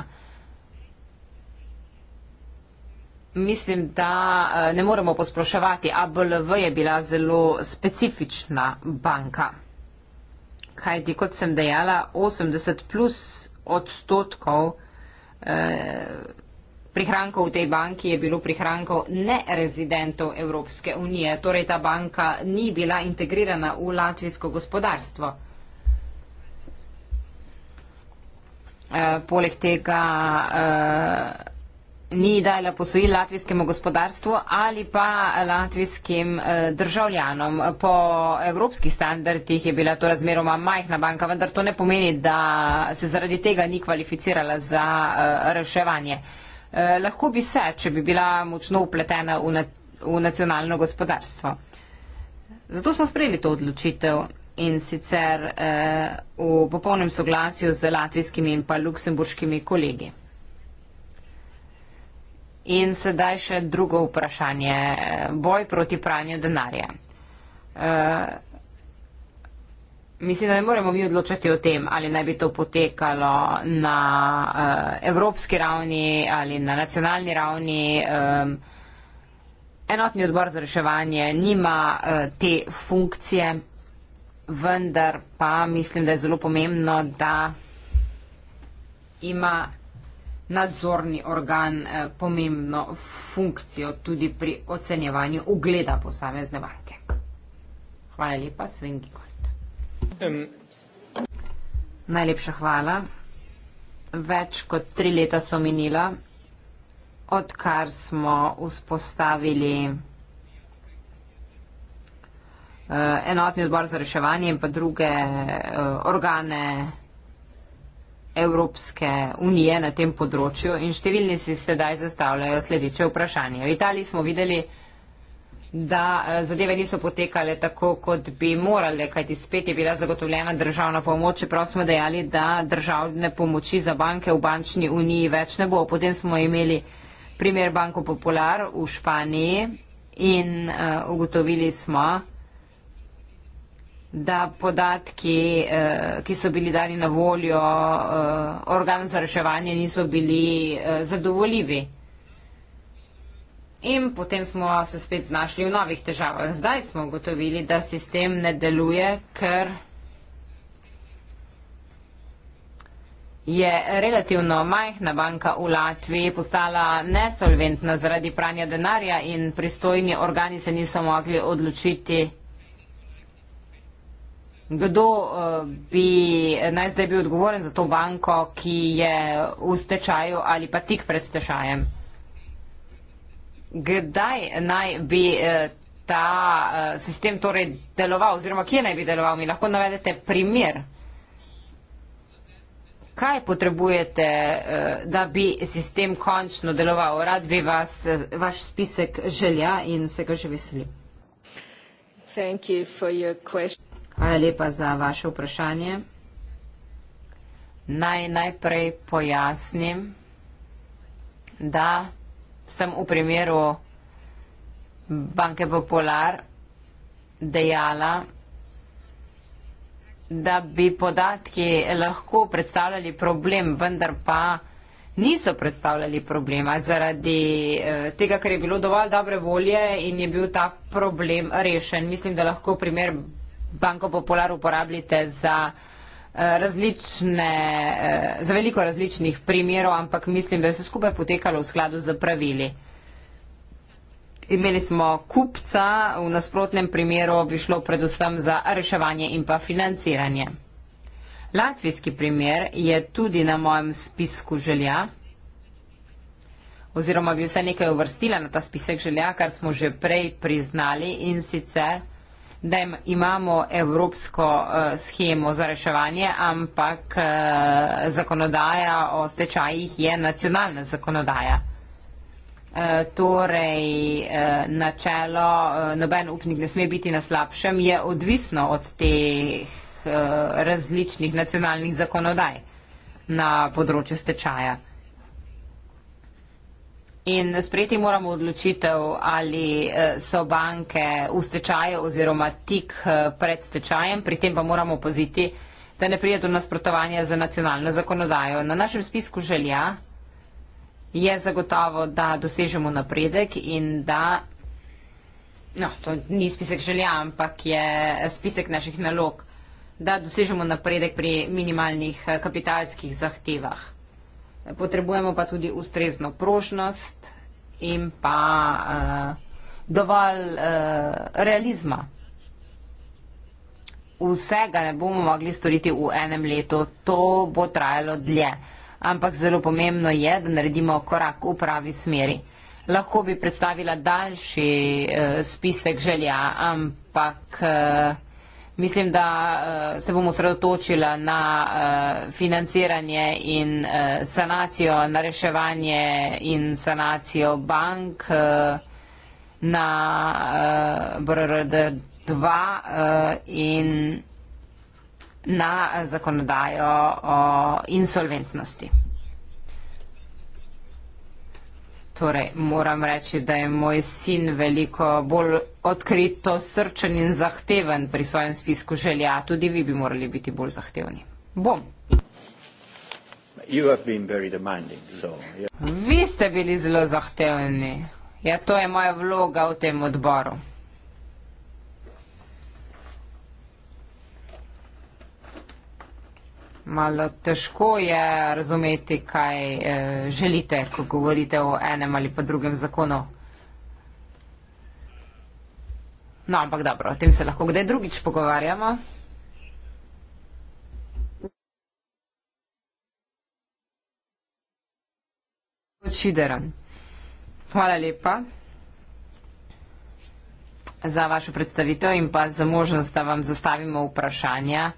Mislim, da eh, ne moramo posproševati. ABLV je bila zelo specifična banka. Kaj ti, kot sem dejala, 80 plus odstotkov eh, prihrankov v tej banki je bilo prihrankov nerezidentov Evropske unije. Torej, ta banka ni bila integrirana v latvijsko gospodarstvo. Eh, poleg tega. Eh, ni dala posojil latvijskemu gospodarstvu ali pa latvijskim eh, državljanom. Po evropskih standardih je bila to razmeroma majhna banka, vendar to ne pomeni, da se zaradi tega ni kvalificirala za eh, reševanje. Eh, lahko bi se, če bi bila močno upletena v, na, v nacionalno gospodarstvo. Zato smo sprejeli to odločitev in sicer eh, v popolnem soglasju z latvijskimi in pa luksemburškimi kolegi. In sedaj še drugo vprašanje. Boj proti pranju denarja. E, mislim, da ne moremo mi odločati o tem, ali naj bi to potekalo na e, evropski ravni ali na nacionalni ravni. E, enotni odbor za reševanje nima e, te funkcije, vendar pa mislim, da je zelo pomembno, da ima nadzorni organ eh, pomembno funkcijo tudi pri ocenjevanju ugleda posamezne banke. Hvala lepa, Sven Gigold. Um. Najlepša hvala. Več kot tri leta so minila, odkar smo vzpostavili uh, enotni odbor za reševanje in pa druge uh, organe Evropske unije na tem področju in številni si sedaj zastavljajo sledeče vprašanje. V Italiji smo videli, da eh, zadeve niso potekale tako, kot bi morale, kajti spet je bila zagotovljena državna pomoč, čeprav smo dejali, da državne pomoči za banke v bančni uniji več ne bo. Potem smo imeli primer Banko Popular v Španiji in uh, ugotovili smo, da podatki, eh, ki so bili dani na voljo eh, organom za reševanje, niso bili eh, zadovoljivi. In potem smo se spet znašli v novih težavah. Zdaj smo ugotovili, da sistem ne deluje, ker je relativno majhna banka v Latviji postala nesolventna zaradi pranja denarja in pristojni organi se niso mogli odločiti, kdo eh, bi naj zdaj bil odgovoren za to banko, ki je v stečaju ali pa tik pred stečajem? Kdaj naj bi eh, ta eh, sistem torej deloval oziroma kje naj bi deloval? Mi lahko navedete primer. Kaj potrebujete, da bi sistem končno deloval? Rad bi vas, vaš spisek želja in se ga že veselim. Hvala lepa za vaše vprašanje. Naj najprej pojasnim, da sem v primeru Banke Popular dejala, da bi podatki lahko predstavljali problem, vendar pa niso predstavljali problema zaradi eh, tega, ker je bilo dovolj dobre volje in je bil ta problem rešen. Mislim, da lahko primer Banko Popular uporabljate za eh, različne, eh, za veliko različnih primerov, ampak mislim, da je vse skupaj potekalo v skladu z pravili. Imeli smo kupca, v nasprotnem primeru bi šlo predvsem za reševanje in pa financiranje. Latvijski primer je tudi na mojem spisku želja, oziroma bi vse nekaj uvrstila na ta spisek želja, kar smo že prej priznali in sicer da imamo evropsko eh, schemo za reševanje, ampak eh, zakonodaja o stečajih je nacionalna zakonodaja. Eh, torej, načelo noben upnik ne sme biti na slabšem, je odvisno od teh različnih nacionalnih zakonodaj na področju stečaja. In sprejeti moramo odločitev, ali eh, so banke v stečaju oziroma tik eh, pred stečajem, pri tem pa moramo paziti, da ne prije do nasprotovanja za nacionalno zakonodajo. Na našem spisku želja je zagotovo, da dosežemo napredek in da. No, to ni spisek želja, ampak je spisek naših nalog, da dosežemo napredek pri minimalnih eh, kapitalskih zahtevah potrebujemo pa tudi ustrezno prošnost in pa uh, dovolj uh, realizma. Vsega ne bomo mogli storiti v enem letu, to bo trajalo dlje, ampak zelo pomembno je, da naredimo korak v pravi smeri. Lahko bi predstavila daljši uh, spisek želja, ampak. Uh, Mislim, da uh, se bomo sredotočila na uh, financiranje in uh, sanacijo, na reševanje in sanacijo bank uh, na uh, BRRD2 uh, in na zakonodajo o insolventnosti. Torej, moram reči, da je moj sin veliko bolj odkrito srčen in zahteven pri svojem spisku želja. Tudi vi bi morali biti bolj zahtevni. Bom. Vi ste bili zelo zahtevni. Ja, to je moja vloga v tem odboru. Malo težko je razumeti, kaj eh, želite, ko govorite o enem ali pa drugem zakonu. No, ampak dobro, o tem se lahko kdaj drugič pogovarjamo. Očideran. Hvala lepa za vašo predstavitev in pa za možnost, da vam zastavimo vprašanja.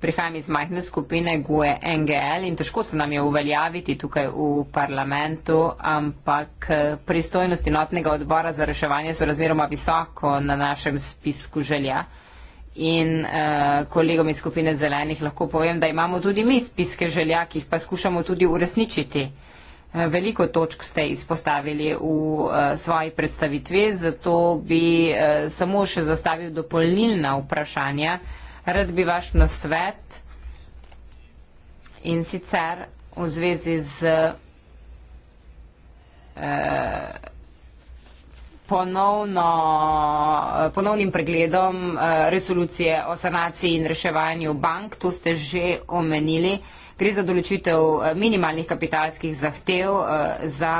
Prihajam iz majhne skupine GUE NGL in težko se nam je uveljaviti tukaj v parlamentu, ampak eh, pristojnosti notnega odbora za reševanje so razmeroma visoko na našem spisku želja. In uh, kolegom iz skupine zelenih lahko povem, da imamo tudi mi spiske želja, ki jih pa skušamo tudi uresničiti. Eh, veliko točk ste izpostavili v uh, svoji predstavitvi, zato bi uh, samo še zastavil dopolnilna vprašanja. Uh, rad bi vaš nasvet in sicer v zvezi z eh, ponovno, eh, ponovnim pregledom eh, resolucije o sanaciji in reševanju bank, to ste že omenili, gre za določitev minimalnih kapitalskih zahtev za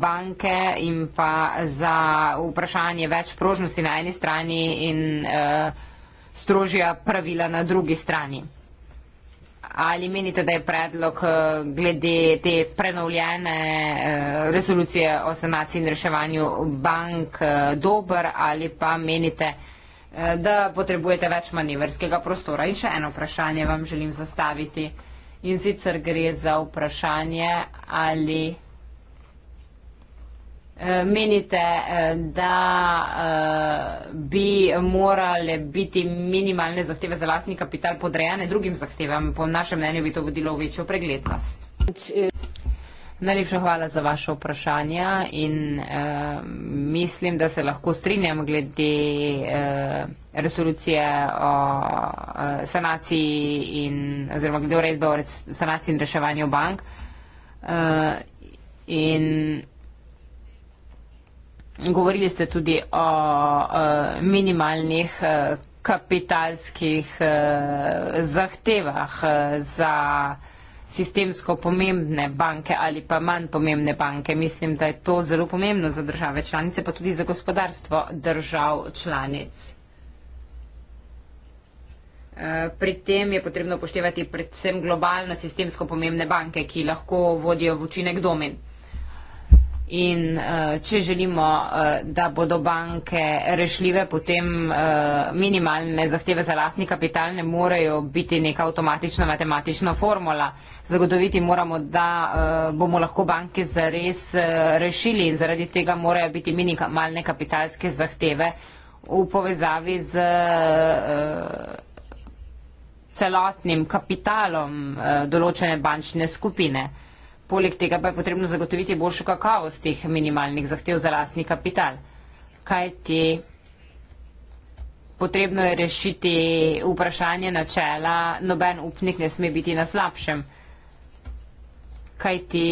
banke in pa za vprašanje več prožnosti na eni strani in vprašanje, strožja pravila na drugi strani. Ali menite, da je predlog eh, glede te prenovljene eh, resolucije o sanaciji in reševanju bank eh, dober ali pa menite, da potrebujete več manevrskega prostora? In še eno vprašanje vam želim zastaviti. In sicer gre za vprašanje, ali Eh, menite, eh, da eh, bi morale biti minimalne zahteve za lastni kapital podrejene drugim zahtevam? Po našem mnenju bi to vodilo v večjo preglednost. Najlepša hvala za vaše vprašanje in eh, mislim, da se lahko strinjam glede eh, resolucije o eh, sanaciji in oziroma glede uredbe o res, sanaciji in reševanju bank. Eh, in, Govorili ste tudi o minimalnih e, kapitalskih e, zahtevah e, za sistemsko pomembne banke ali pa manj pomembne banke. Mislim, da je to zelo pomembno za države članice, pa tudi za gospodarstvo držav članic. Pri tem je potrebno upoštevati predvsem globalno sistemsko pomembne banke, ki lahko vodijo v učinek domen. In uh, če želimo, uh, da bodo banke rešljive, potem uh, minimalne zahteve za lastni kapital ne morejo biti neka avtomatična matematična formula. Zagotoviti moramo, da uh, bomo lahko banke zares uh, rešili in zaradi tega morajo biti minimalne kapitalske zahteve v povezavi z. Uh, celotnim kapitalom določene bančne skupine. Poleg tega pa je potrebno zagotoviti boljšo kakovost teh minimalnih zahtev za lastni kapital. Kaj ti? Potrebno je rešiti vprašanje načela, noben upnik ne sme biti na slabšem. Kaj ti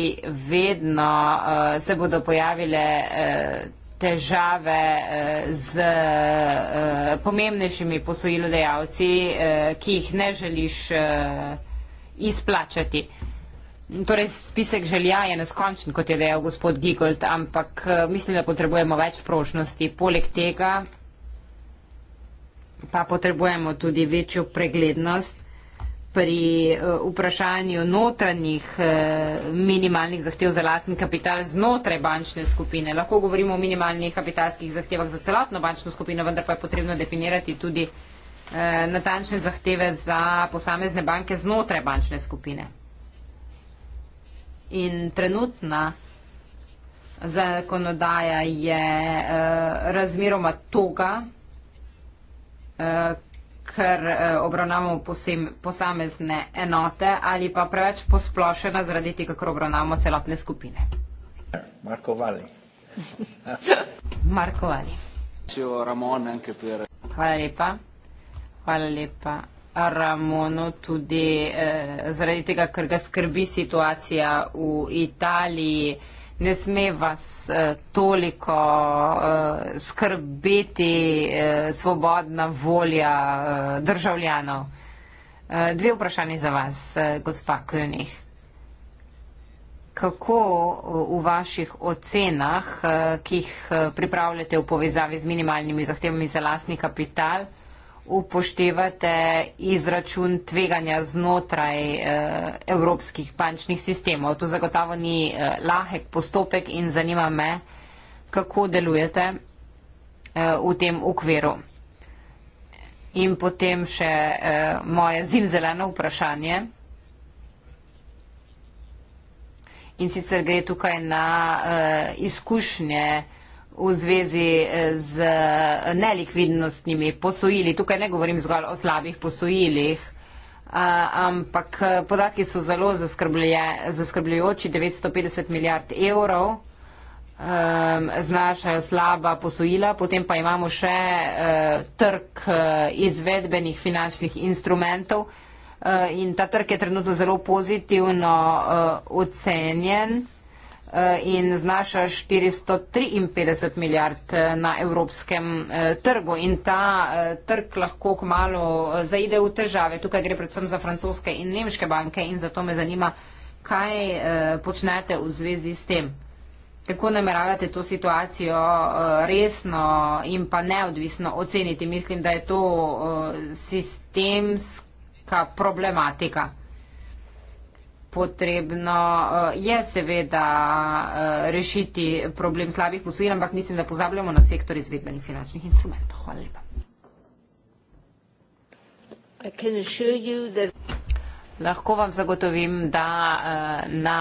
vedno uh, se bodo pojavile uh, težave uh, z uh, pomembnejšimi posojilodajalci, uh, ki jih ne želiš uh, izplačati. Uh, Torej, spisek želja je neskončen, kot je dejal gospod Gigold, ampak eh, mislim, da potrebujemo več prošnosti. Poleg tega pa potrebujemo tudi večjo preglednost pri eh, vprašanju notranjih eh, minimalnih zahtev za lastni kapital znotraj bančne skupine. Lahko govorimo o minimalnih kapitalskih zahtevah za celotno bančno skupino, vendar pa je potrebno definirati tudi natančne zahteve za posamezne banke znotraj bančne skupine. In trenutna zakonodaja je uh, razmeroma toga, uh, ker uh, obravnavamo posem, posamezne enote ali pa preveč posplošena zaradi tega, kako obravnavamo celotne skupine. Marko Vali. Marko Vali. Hvala lepa. Hvala lepa. Ramonu tudi eh, zaradi tega, ker ga skrbi situacija v Italiji. Ne sme vas eh, toliko eh, skrbeti eh, svobodna volja eh, državljanov. Eh, dve vprašanje za vas, eh, gospa Kljunih. Kako eh, v vaših ocenah, eh, ki jih eh, pripravljate v povezavi z minimalnimi zahtevami za lastni kapital, eh, upoštevate izračun tveganja znotraj eh, evropskih bančnih sistemov. To zagotovo ni eh, lahek postopek in zanima me, kako delujete eh, v tem okviru. In potem še eh, moje zimzeleno vprašanje. In sicer gre tukaj na eh, izkušnje, v zvezi eh, z nelikvidnostnimi posojili. Tukaj ne govorim zgolj o slabih posojilih, ampak eh, podatki so zelo zaskrbljujoči, 950 milijard evrov ehm, znašajo slaba posojila, potem pa imamo še eh, trg izvedbenih finančnih instrumentov in ta trg je trenutno zelo pozitivno ocenjen. Eh, in znaša 453 milijard eh, na evropskem eh, trgu. In ta trg lahko kmalo zaide v težave. Tukaj gre predvsem za francoske in nemške banke in zato me zanima, kaj počnete v zvezi s tem. Kako nameravate to situacijo resno in pa neodvisno oceniti? Mislim, da je to sistemska problematika potrebno eh, je seveda eh, rešiti problem slabih posojil, ampak mislim, da pozabljamo na sektor izvedbenih finančnih instrumentov. Hvala lepa. Lahko vam zagotovim, da eh, na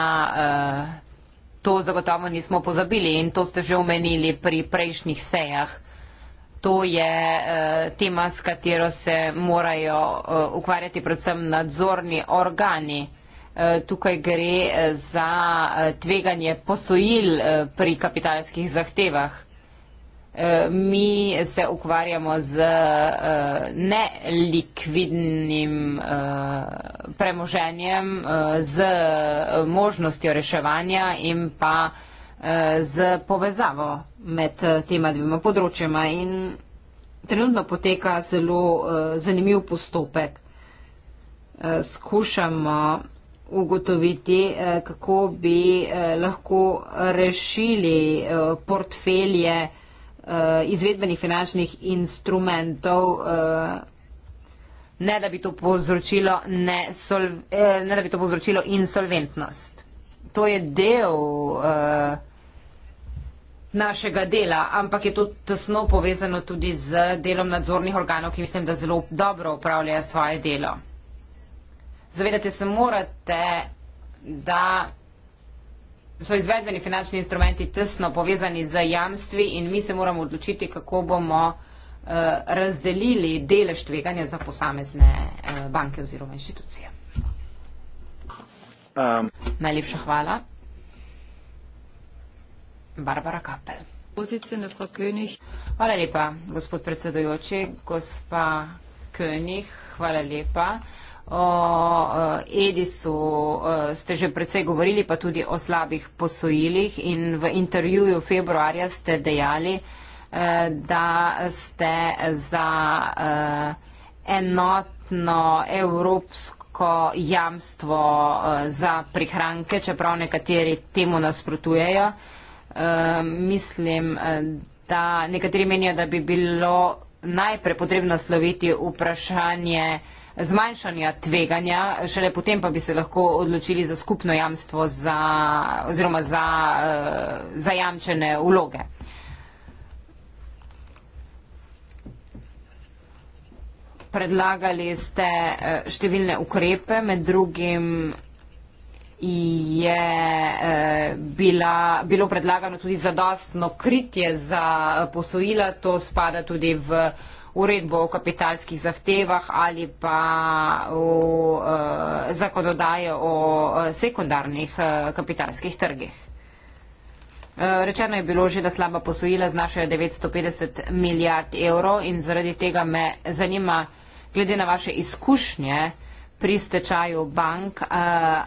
to zagotovo nismo pozabili in to ste že omenili pri prejšnjih sejah. To je tema, s katero se morajo ukvarjati predvsem nadzorni organi. Eh, tukaj gre eh, za eh, tveganje posojil pri kapitalskih zahtevah. Mi se ukvarjamo z nelikvidnim premoženjem, z možnostjo reševanja in pa z povezavo med tema dvima področjama. In trenutno poteka zelo zanimiv postopek. Skušamo ugotoviti, eh, kako bi eh, lahko rešili eh, portfelje izvedbenih finančnih instrumentov, ne da bi to povzročilo, ne da bi to povzročilo insolventnost. To je del našega dela, ampak je to tesno povezano tudi z delom nadzornih organov, ki mislim, da zelo dobro upravljajo svoje delo. Zavedati se morate, da so izvedbeni finančni instrumenti tesno povezani z jamstvi in mi se moramo odločiti, kako bomo eh, razdelili delež tveganja za posamezne eh, banke oziroma inštitucije. Um. Najlepša hvala. Barbara Kapel. Hvala lepa, gospod predsedujoči, gospa König, hvala lepa. O e, Edisu e, ste že predvsej govorili, pa tudi o slabih posojilih in v intervjuju februarja ste dejali, e, da ste za enotno evropsko jamstvo za prihranke, čeprav nekateri temu nasprotujejo. Mislim, da nekateri menijo, da bi bilo najprej potrebno sloviti vprašanje, zmanjšanja tveganja, šele potem pa bi se lahko odločili za skupno jamstvo za, oziroma za uh, zajamčene vloge. Predlagali ste eh, številne ukrepe, med drugim je eh, bila, bilo predlagano tudi zadostno kritje za posojila, to spada tudi v uh, uredbo o kapitalskih zahtevah ali pa v eh, zakonodajo o eh, sekundarnih eh, kapitalskih trgih. Rečeno je bilo že, da slaba posojila znašajo 950 milijard evrov in zaradi tega me zanima, glede na vaše izkušnje, pri stečaju bank, eh,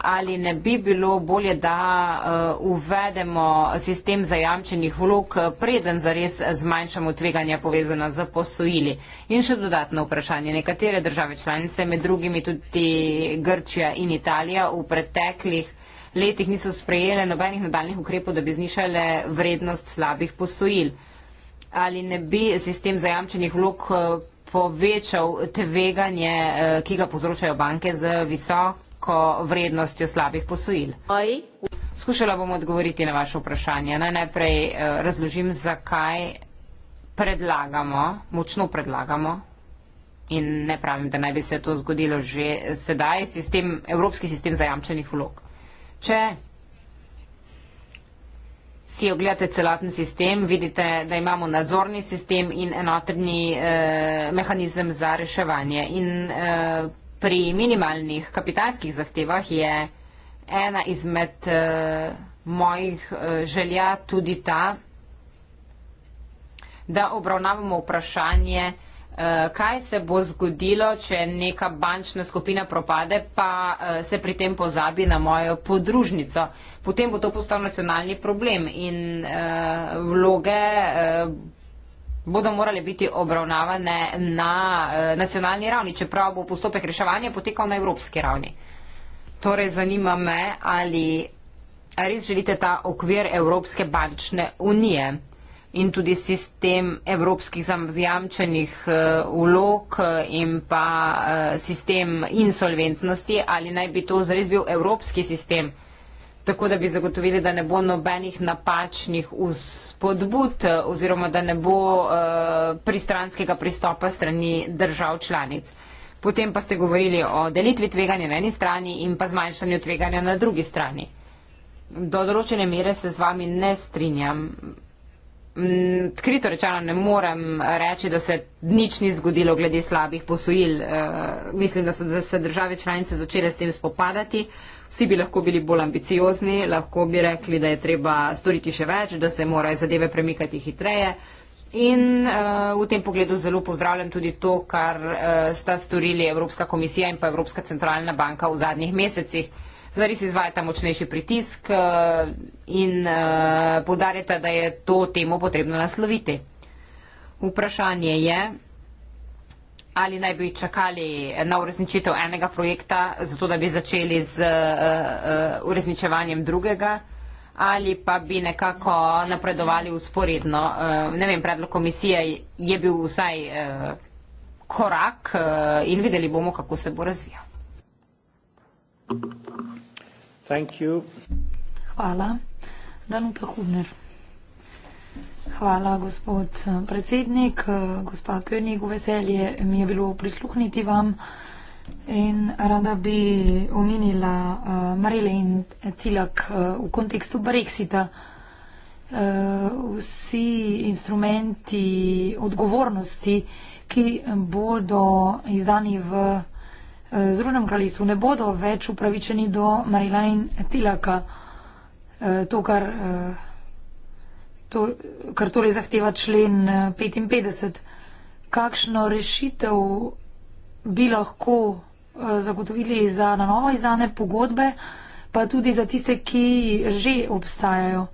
ali ne bi bilo bolje, da eh, uvedemo sistem zajamčenih vlog, eh, preden zares zmanjšamo tveganja povezana z posojili. In še dodatno vprašanje. Nekatere države članice, med drugimi tudi Grčija in Italija, v preteklih letih niso sprejele nobenih nadaljnih ukrepov, da bi znišale vrednost slabih posojil. Ali ne bi sistem zajamčenih vlog povečal tveganje, eh, ki ga povzročajo banke z visoko vrednostjo slabih posojil? Skušala bom odgovoriti na vaše vprašanje. Naj najprej eh, razložim, zakaj predlagamo, močno predlagamo in ne pravim, da naj bi se to zgodilo že sedaj, sistem, evropski sistem zajamčenih vlog. Če si ogledate celoten sistem, vidite, da imamo nadzorni sistem in enotrni eh, mehanizem za reševanje. In eh, pri minimalnih kapitalskih zahtevah je ena izmed eh, mojih eh, želja tudi ta, da obravnavamo vprašanje, Eh, kaj se bo zgodilo, če neka bančna skupina propade, pa eh, se pri tem pozabi na mojo podružnico. Potem bo to postal nacionalni problem in eh, vloge bodo morali biti obravnavane na nacionalni ravni, čeprav bo postopek reševanja potekal na evropski ravni. Torej, zanima me, ali res želite ta okvir Evropske bančne unije in tudi sistem evropskih zamzjamčenih eh, vlog eh, in pa eh, sistem insolventnosti, ali naj bi to zres bil evropski sistem, tako da bi zagotovili, da ne bo nobenih napačnih vzpodbud oziroma da ne bo pristranskega pristopa strani držav članic. Potem pa ste govorili o delitvi tveganja na eni strani in pa zmanjšanju tveganja na drugi strani. Do določene mere se z vami ne strinjam. Odkrito rečeno, ne morem reči, da se nič ni zgodilo glede slabih posojil. Eh, mislim, da so da se države članice začele s tem spopadati. Vsi bi lahko bili bolj ambiciozni, lahko bi rekli, da je treba storiti še več, da se morajo zadeve premikati hitreje. In uh, v tem pogledu zelo pozdravljam tudi to, kar uh, sta storili Evropska komisija in pa Evropska centralna banka v zadnjih mesecih. Uh, zares izvaja ta močnejši pritisk eh, in eh, podarjata, da je to temo potrebno nasloviti. Vprašanje je, ali naj bi čakali na uresničitev enega projekta, zato da bi začeli z eh, uresničevanjem drugega, ali pa bi nekako napredovali usporedno. Ne vem, predlog komisije je bil vsaj korak in videli bomo, kako se bo razvijal. Thank you. Hvala. Danuta Hubner. Hvala, gospod eh, predsednik. Eh, gospa König, veselje mi je bilo prisluhniti vam in rada bi omenila eh, Marile in Tilak v kontekstu Brexita. Vsi instrumenti odgovornosti, ki bodo izdani v. Eh, v Združenem kraljestvu ne bodo več upravičeni do Marilyn Tilaka, eh, to, kar, eh, to, kar torej zahteva člen 55. Kakšno rešitev bi lahko zagotovili za na novo izdane pogodbe, pa tudi za tiste, ki že obstajajo?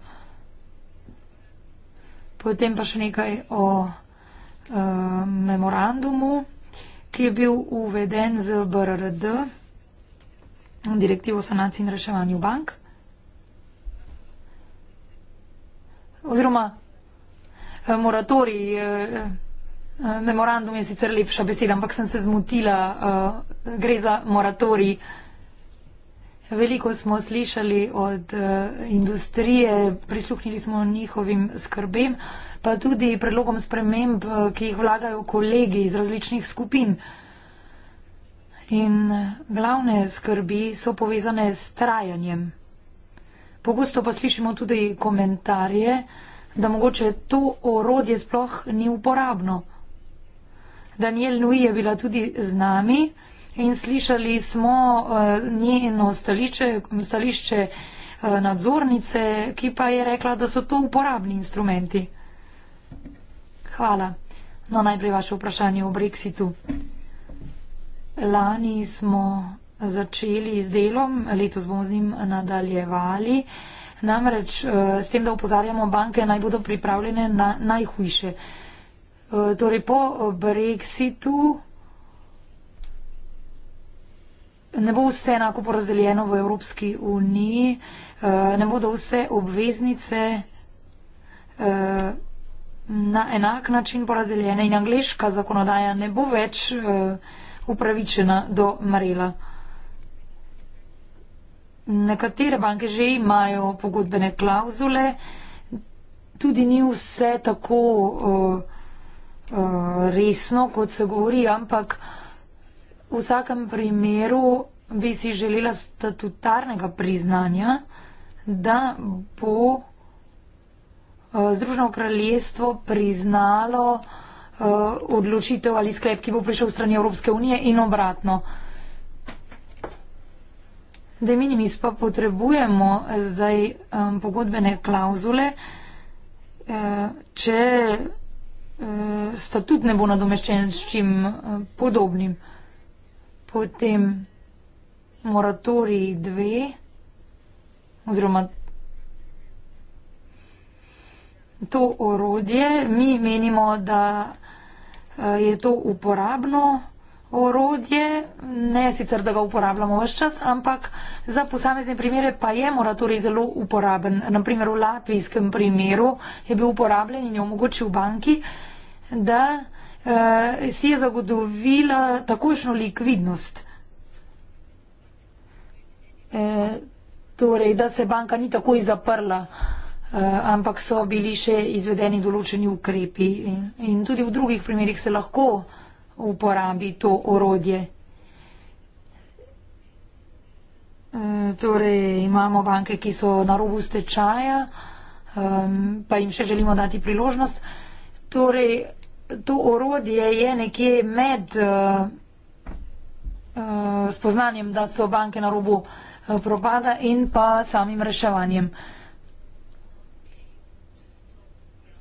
Potem pa še nekaj o uh, memorandumu ki je bil uveden z BRRD, direktivo sanacij in reševanju bank. Oziroma, eh, moratorij, eh, eh, memorandum je sicer lepša beseda, ampak sem se zmotila, gre za moratorij. Veliko smo slišali od industrije, prisluhnili smo njihovim skrbem pa tudi predlogom sprememb, eh, ki jih vlagajo kolegi iz različnih skupin. In eh, glavne skrbi so povezane s trajanjem. Pogosto pa slišimo tudi komentarje, da mogoče to orodje sploh ni uporabno. Daniel Nui je bila tudi z nami in slišali smo eh, njeno stališče, stališče nadzornice, ki pa je rekla, da so to uporabni instrumenti. Hvala. No, najprej vaše vprašanje o Brexitu. Lani smo začeli z delom, letos bomo z njim nadaljevali. Namreč eh, s tem, da upozarjamo banke, naj bodo pripravljene na najhujše. Eh, torej, po Brexitu ne bo vse enako porazdeljeno v Evropski uniji, eh, ne bodo vse obveznice na enak način porazdeljene in angliška zakonodaja ne bo več eh, upravičena do Marela. Nekatere banke že imajo pogodbene klauzule, tudi ni vse tako eh, eh, resno, kot se govori, ampak v vsakem primeru bi si želela statutarnega priznanja, da bo Eh, Združeno kraljestvo priznalo eh, odločitev ali sklep, ki bo prišel strani Evropske unije in obratno. De minimis pa potrebujemo zdaj pogodbene klauzule, eh, če statut ne bo nadomeščen s čim podobnim. Potem moratorij dve oziroma to orodje. Mi menimo, da eh, je to uporabno orodje, ne sicer, da ga uporabljamo vse čas, ampak za posamezne primere pa je moratorij zelo uporaben. Naprimer v latvijskem primeru je bil uporabljen in je omogočil banki, da eh, si je zagotovila takošno likvidnost. Eh, torej, da se banka ni takoj zaprla. Eh, Eh, ampak so bili še izvedeni določeni ukrepi in, in tudi v drugih primerjih se lahko uporabi to orodje. Eh, torej, imamo banke, ki so na robu stečaja, pa jim še želimo dati priložnost. Torej, to orodje je nekje med eh, spoznanjem, da so banke na robu propada in pa samim reševanjem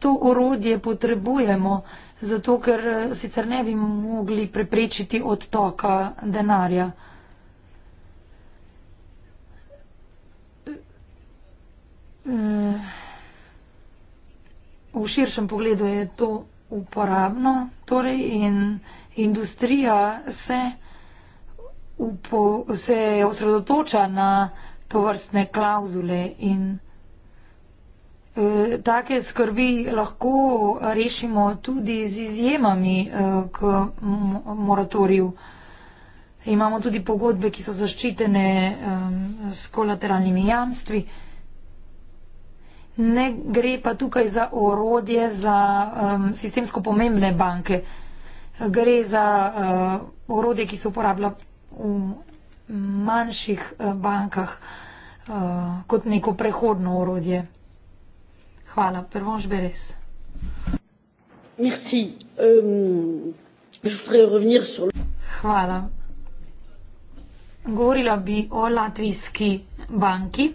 to orodje potrebujemo, zato ker eh, sicer ne bi mogli preprečiti odtoka denarja. Eh, v širšem pogledu je to uporabno, torej in industrija se, upo, se osredotoča na to vrstne klauzule in Eh, take skrbi lahko rešimo tudi z izjemami eh, k moratoriju. Imamo tudi pogodbe, ki so zaščitene s kolateralnimi jamstvi. Ne gre pa tukaj za orodje za sistemsko pomembne banke. Gre za eh, orodje, ki se uporablja v manjših bankah kot neko prehodno orodje. Hvala. Prvonž Beres. Merci. Um, je voudrais revenir sur... Hvala. Govorila bi o latvijski banki.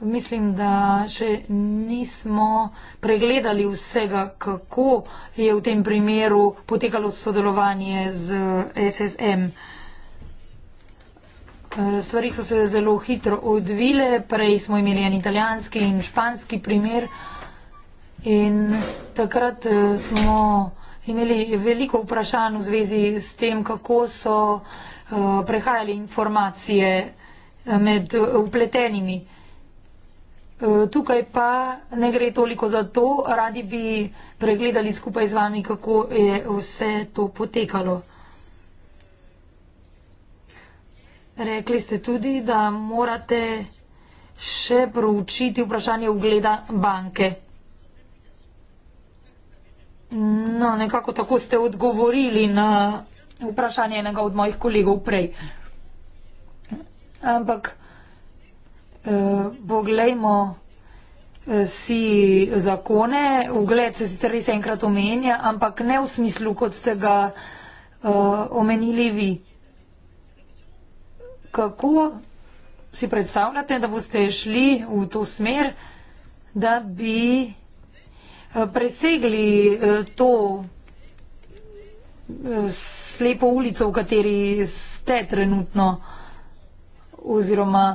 Mislim, da še nismo pregledali vsega, kako je v tem primeru potekalo sodelovanje z SSM. Eh, stvari so se zelo hitro odvile. Prej smo imeli en italijanski in španski primer in takrat eh, smo imeli veliko vprašanj v zvezi s tem, kako so eh, prehajali informacije med upletenimi. Tukaj pa ne gre toliko za to, radi bi pregledali skupaj z vami, kako je vse to potekalo. Rekli ste tudi, da morate še proučiti vprašanje ugleda banke. No, nekako tako ste odgovorili na vprašanje enega od mojih kolegov prej. Ampak eh, poglejmo eh, si zakone. Ugled se sicer res enkrat omenja, ampak ne v smislu, kot ste ga eh, omenili vi kako si predstavljate, da boste šli v to smer, da bi eh, presegli eh, to eh, slepo ulico, v kateri ste trenutno oziroma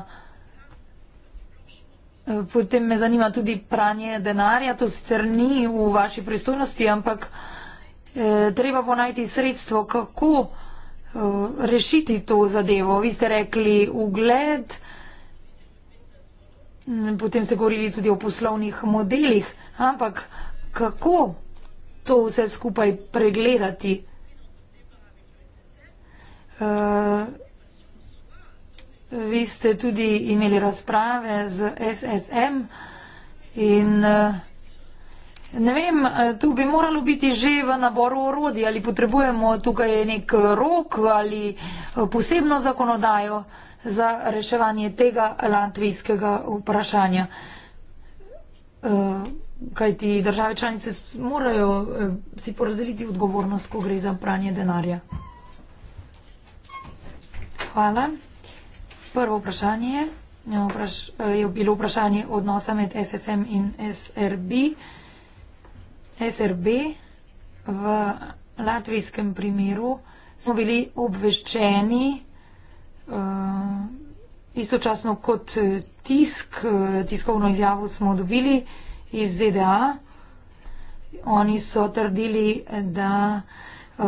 potem me zanima tudi pranje denarja, to sicer ni v vaši pristojnosti, ampak eh, treba ponajti sredstvo, kako eh, Eh, rešiti to zadevo. Vi ste rekli ugled, mm, potem ste govorili tudi o poslovnih modelih, ampak kako to vse skupaj pregledati? Eh, vi ste tudi imeli razprave z SSM in eh, Ne vem, eh, tu bi moralo biti že v naboru orodij, ali potrebujemo tukaj nek eh, rok ali eh, posebno zakonodajo za reševanje tega latvijskega vprašanja. Kaj ti države članice morajo si porazdeliti odgovornost, ko gre za pranje denarja? Hvala. Prvo vprašanje je bilo vprašanje odnosa med SSM in SRB. SRB. V latvijskem primeru smo bili obveščeni eh, istočasno kot tisk, eh, tiskovno izjavo smo dobili iz ZDA. Oni so trdili, da eh,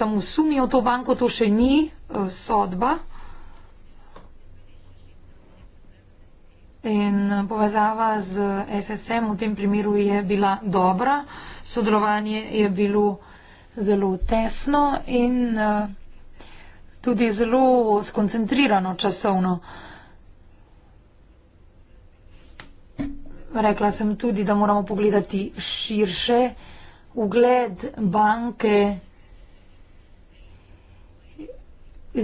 samo sumijo to banko, to še ni sodba. in povezava z SSM v tem primeru je bila dobra, sodelovanje je bilo zelo tesno in eh, tudi zelo skoncentrirano časovno. Rekla sem tudi, da moramo pogledati širše ugled banke.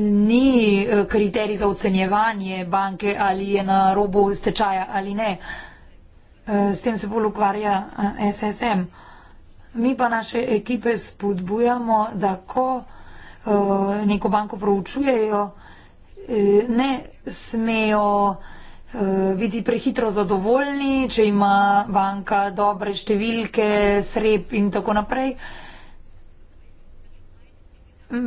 ni eh, kriterij za ocenjevanje banke, ali je na robu stečaja ali ne. Eh, s tem se bolj ukvarja eh, SSM. Mi pa naše ekipe spodbujamo, da ko neko banko proučujejo, ne smejo biti prehitro zadovoljni, če ima banka dobre številke, srep in tako naprej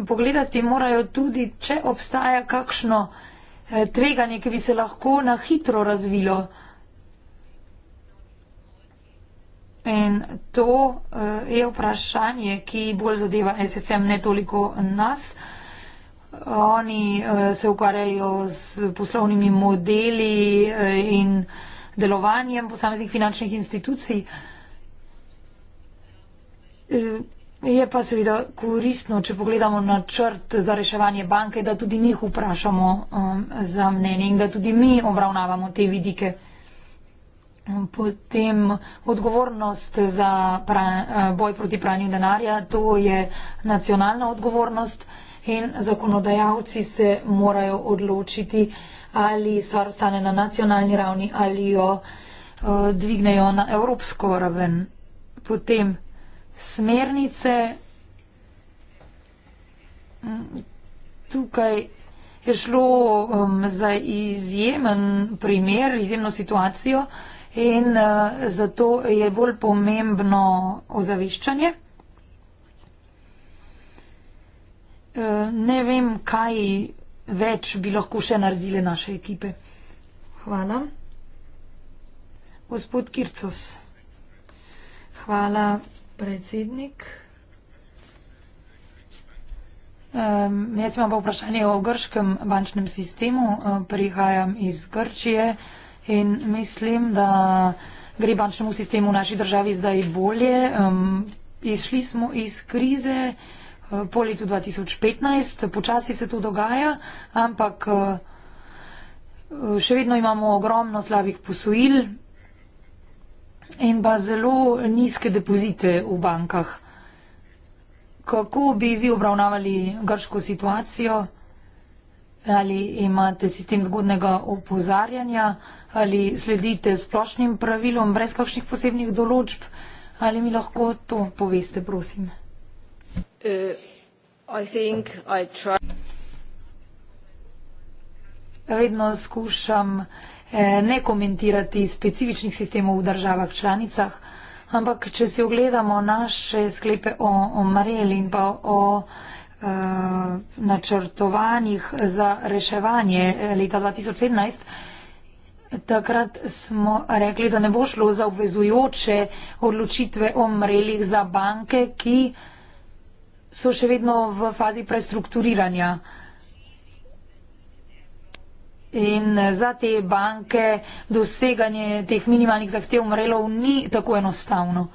pogledati morajo tudi, če obstaja kakšno eh, tveganje, ki bi se lahko na hitro razvilo. In to eh, je vprašanje, ki bolj zadeva SSM, ne toliko nas. Oni eh, se ukvarjajo s poslovnimi modeli in delovanjem posameznih finančnih institucij. Je pa seveda koristno, če pogledamo načrt za reševanje banke, da tudi njih vprašamo um, za mnenje in da tudi mi obravnavamo te vidike. Um, potem odgovornost za pra, uh, boj proti pranju denarja, to je nacionalna odgovornost in zakonodajalci se morajo odločiti, ali stvar ostane na nacionalni ravni ali jo uh, dvignejo na evropsko raven. Potem smernice tukaj je šlo um, za izjemen primer, izjemno situacijo in uh, zato je bolj pomembno ozaviščanje. Uh, ne vem, kaj več bi lahko še naredile naše ekipe. Hvala. Gospod Kircos. Hvala predsednik. Um, jaz imam pa vprašanje o grškem bančnem sistemu. Prihajam iz Grčije in mislim, da gre bančnemu sistemu v naši državi zdaj bolje. Um, izšli smo iz krize eh, po letu 2015, počasi se to dogaja, ampak eh, še vedno imamo ogromno slabih posojil, in pa zelo nizke depozite v bankah. Kako bi vi obravnavali grško situacijo? Ali imate sistem zgodnega opozarjanja? Ali sledite splošnim pravilom brez kakšnih posebnih določb? Ali mi lahko to poveste, prosim? Uh, I I try... Vedno skušam. Eh, ne komentirati specifičnih sistemov v državah članicah, ampak če si ogledamo naše sklepe o, o Mareli in pa o e, načrtovanjih za reševanje eh, leta 2017, takrat smo rekli, da ne bo šlo za obvezujoče odločitve o Marelih za banke, ki so še vedno v fazi prestrukturiranja in eh, za te banke doseganje teh minimalnih zahtev MREL-ov ni tako enostavno.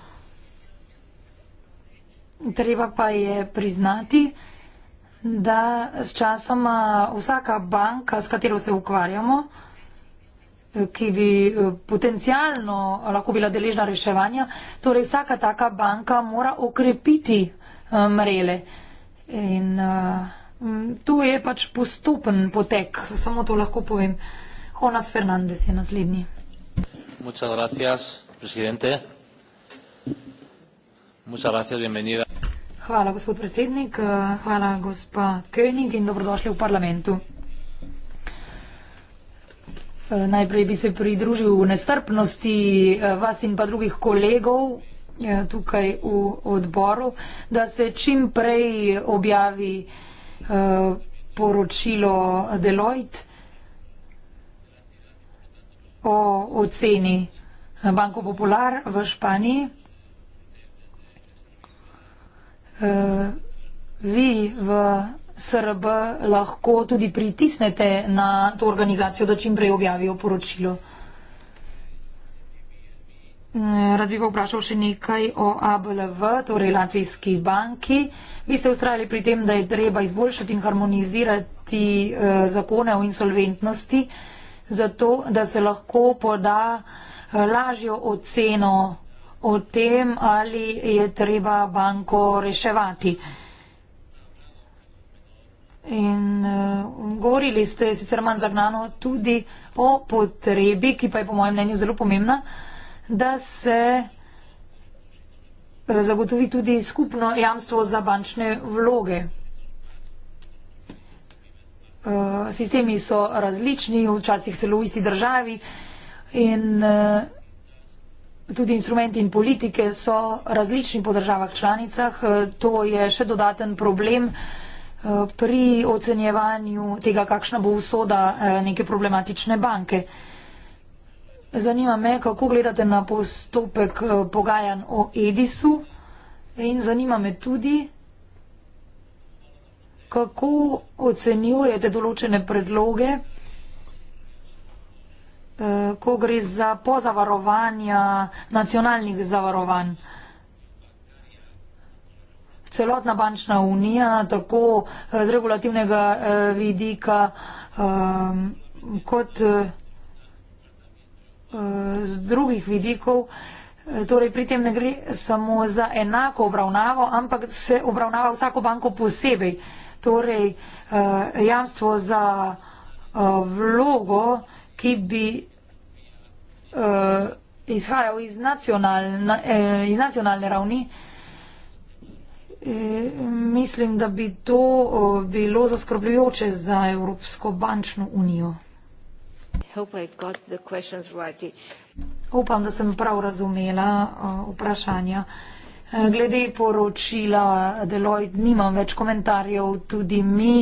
Treba pa je priznati, da s časoma vsaka banka, s katero se ukvarjamo, eh, ki bi eh, potencijalno lahko bila deležna reševanja, torej vsaka taka banka mora okrepiti mrele. In, uh, Mm, to je pač postopen potek, samo to lahko povem. Jonas Fernandez je naslednji. Muchas gracias, presidente. Muchas gracias, bienvenida. Hvala, gospod predsednik, hvala, gospa König in dobrodošli v parlamentu. Najprej bi se pridružil v nestrpnosti eh, vas in pa drugih kolegov eh, tukaj v odboru, da se čim prej objavi Eh, poročilo Deloitte o oceni Banko Popular v Španiji. Eh, vi v SRB lahko tudi pritisnete na to organizacijo, da čim prej objavijo poročilo. Rad bi pa vprašal še nekaj o ABLV, torej Latvijski banki. Vi ste ustrajali pri tem, da je treba izboljšati in harmonizirati eh, zakone o insolventnosti, zato da se lahko poda eh, lažjo oceno o tem, ali je treba banko reševati. In uh, govorili ste sicer manj zagnano tudi o potrebi, ki pa je po mojem mnenju zelo pomembna, uh, da se eh, zagotovi tudi skupno jamstvo za bančne vloge. Eh, sistemi so različni, včasih celo v isti državi in eh, tudi instrumenti in politike so različni po državah članicah. To je še dodaten problem pri ocenjevanju tega, kakšna bo usoda neke problematične banke. Zanima me, kako gledate na postopek eh, pogajanj o Edisu in zanima me tudi, kako ocenjujete določene predloge, eh, ko gre za pozavarovanja nacionalnih zavarovanj. Celotna bančna unija, tako eh, z regulativnega vidika kot vsega, Eh, z drugih vidikov. Eh, torej, pri tem ne gre samo za enako obravnavo, ampak se obravnava vsako banko posebej. Torej, eh, jamstvo za vlogo, ki bi izhajal iz nacionalne, iz nacionalne ravni, mislim, da bi to bilo zaskrbljujoče za Evropsko bančno unijo. Upam, da sem prav razumela uh, vprašanja. Eh, glede poročila Deloitte nimam več komentarjev, tudi mi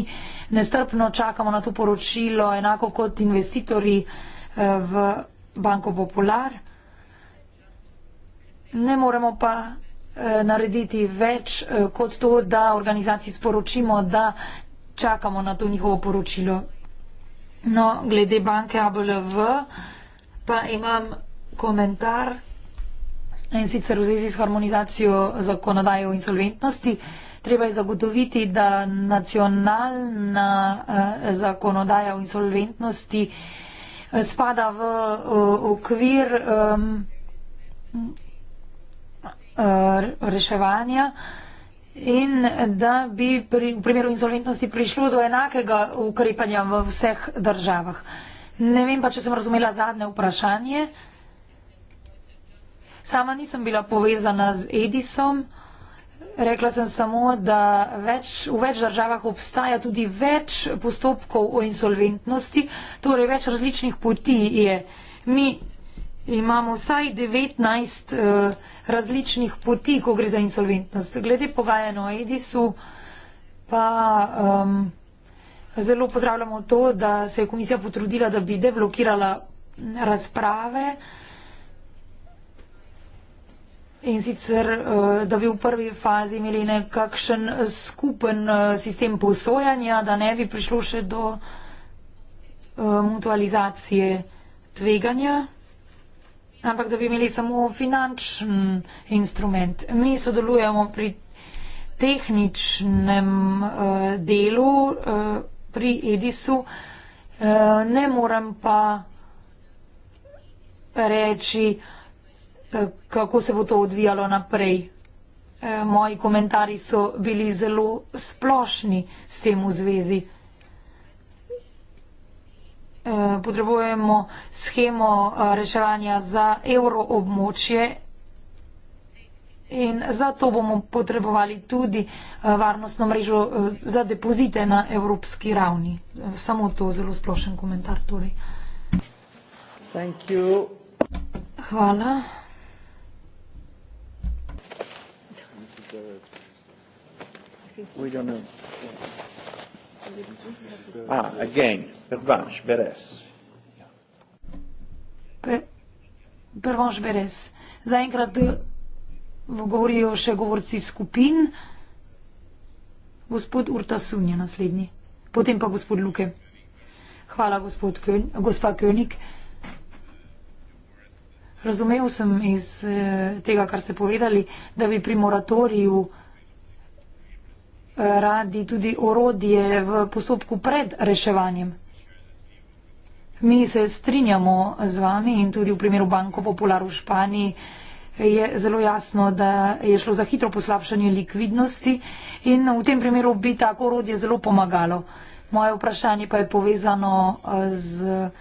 nestrpno čakamo na to poročilo, enako kot investitorji eh, v Banko Popular. Ne moremo pa eh, narediti več kot to, da organizaciji sporočimo, da čakamo na to njihovo poročilo. No, glede banke ABLV pa imam komentar in sicer v zvezi s harmonizacijo zakonodaje o insolventnosti. Treba je zagotoviti, da nacionalna eh, zakonodaja o insolventnosti eh, spada v uh, okvir um, uh, reševanja uh, in da bi pri, v primeru insolventnosti prišlo do enakega ukrepanja v vseh državah. Ne vem pa, če sem razumela zadnje vprašanje. Sama nisem bila povezana z Edisom. Rekla sem samo, da več, v več državah obstaja tudi več postopkov o insolventnosti, torej več različnih poti je. Mi imamo vsaj 19 uh, eh, različnih poti, ko gre za insolventnost. Glede pogajanja o Edisu, pa um, zelo pozdravljamo to, da se je komisija potrudila, da bi deblokirala razprave in sicer, uh, da bi v prvi fazi imeli nekakšen skupen uh, sistem posojanja, da ne bi prišlo še do uh, mutualizacije tveganja ampak da bi imeli samo finančen instrument. Mi sodelujemo pri tehničnem uh, delu uh, pri Edisu, uh, ne morem pa reči, uh, kako se bo to odvijalo naprej. Uh, moji komentarji so bili zelo splošni s tem v zvezi. Eh, potrebujemo schemo eh, reševanja za evroobmočje in zato bomo potrebovali tudi eh, varnostno mrežo za depozite na evropski ravni. Samo to, zelo splošen komentar torej. Thank you. Hvala. Ah, again, Per Vanš, Beres. Per Vanš, Beres. Zaenkrat eh, govorijo še govorci skupin. Gospod Urta Sun je naslednji. Potem pa gospod Luke. Hvala, gospod Kön gospa Könik. Razumev sem iz eh, tega, kar ste povedali, da bi pri moratoriju eh, radi tudi orodje v postopku pred reševanjem. Mi se strinjamo z vami in tudi v primeru Banko Popular v Španiji je zelo jasno, da je šlo za hitro poslabšanje likvidnosti in v tem primeru bi tako orodje zelo pomagalo. Moje vprašanje pa je povezano eh, z eh,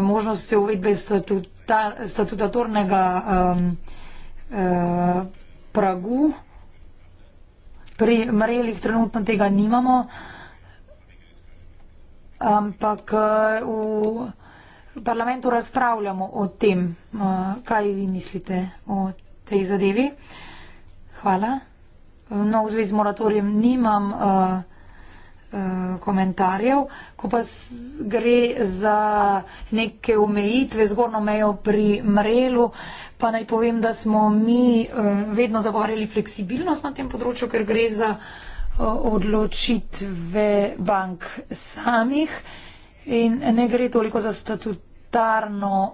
možnostjo uvedbe statuta, statutatornega eh, eh, pragu. Pri mrelih trenutno tega nimamo. Eh, ampak eh, v parlamentu razpravljamo o tem, eh, kaj vi mislite o tej zadevi. Hvala. No, v zvezi z moratorijem nimam eh, komentarjev. Ko pa gre za neke omejitve, zgornjo mejo pri mrelu, pa naj povem, da smo mi vedno zagovarjali fleksibilnost na tem področju, ker gre za odločitve bank samih in ne gre toliko za statutarno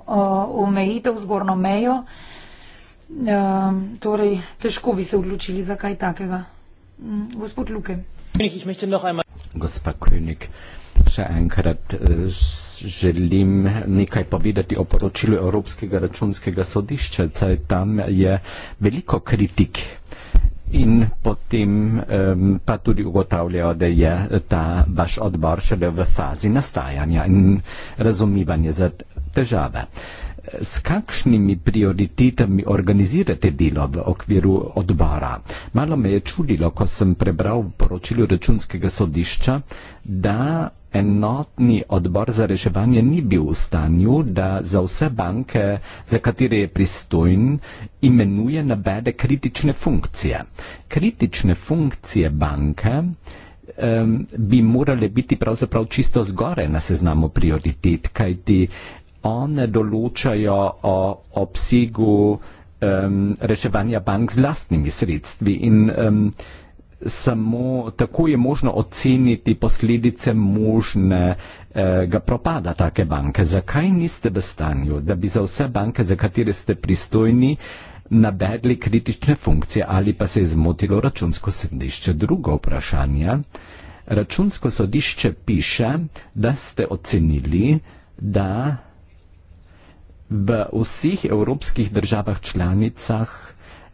omejitev, zgornjo mejo. E, torej, težko bi se odločili za kaj takega. Mm, gospod Luke. Gospod Kujnik, še enkrat e, želim nekaj povedati o poročilu Evropskega računskega sodišča. Tam je veliko kritik in potem um, pa tudi ugotavljajo, da je ta vaš odbor šele v fazi nastajanja in razumivanja za težave. S kakšnimi prioritetami organizirate delo v okviru odbora? Malo me je čudilo, ko sem prebral v poročilu računskega sodišča, da enotni odbor za reševanje ni bil v stanju, da za vse banke, za katere je pristojen, imenuje nabede kritične funkcije. Kritične funkcije banke um, bi morale biti pravzaprav čisto zgore na seznamu prioritet, kajti one določajo o obsegu um, reševanja bank z lastnimi sredstvi in um, samo tako je možno oceniti posledice možnega propada take banke. Zakaj niste v stanju, da bi za vse banke, za katere ste pristojni, nabedli kritične funkcije ali pa se je zmotilo računsko sodišče? Drugo vprašanje. Računsko sodišče piše, da ste ocenili, da v vseh evropskih državah članicah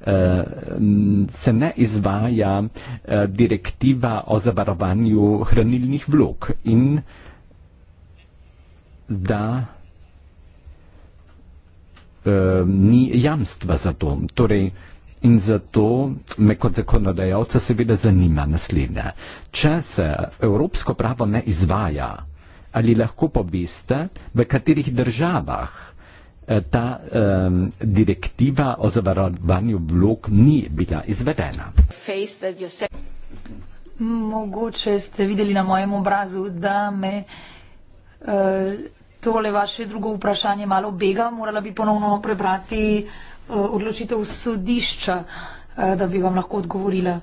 uh, se ne izvaja uh, direktiva o zavarovanju hranilnih vlog in da uh, ni jamstva za to. Torej, in zato me kot zakonodajalca seveda zanima naslednje. Če se evropsko pravo ne izvaja, ali lahko poveste, v katerih državah Eh, ta um, direktiva o zavarovanju vlog ni bila izvedena. Mogoče ste videli na mojem obrazu, da me uh, tole vaše drugo vprašanje malo bega. Morala bi ponovno prebrati uh, odločitev sodišča, uh, da bi vam lahko odgovorila.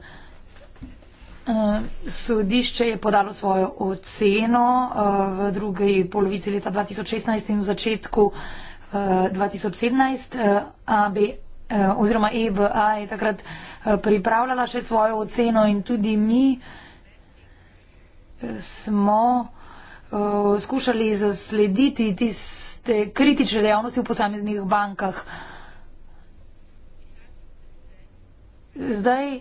Uh, sodišče je podalo svojo oceno uh, v drugi polovici leta 2016 in v začetku 2017. Eh, eh, eh, oziroma, EBA je takrat pripravljala še svojo oceno, in tudi mi smo uh, skušali zaslediti tiste kritične dejavnosti v posameznih bankah. Zdaj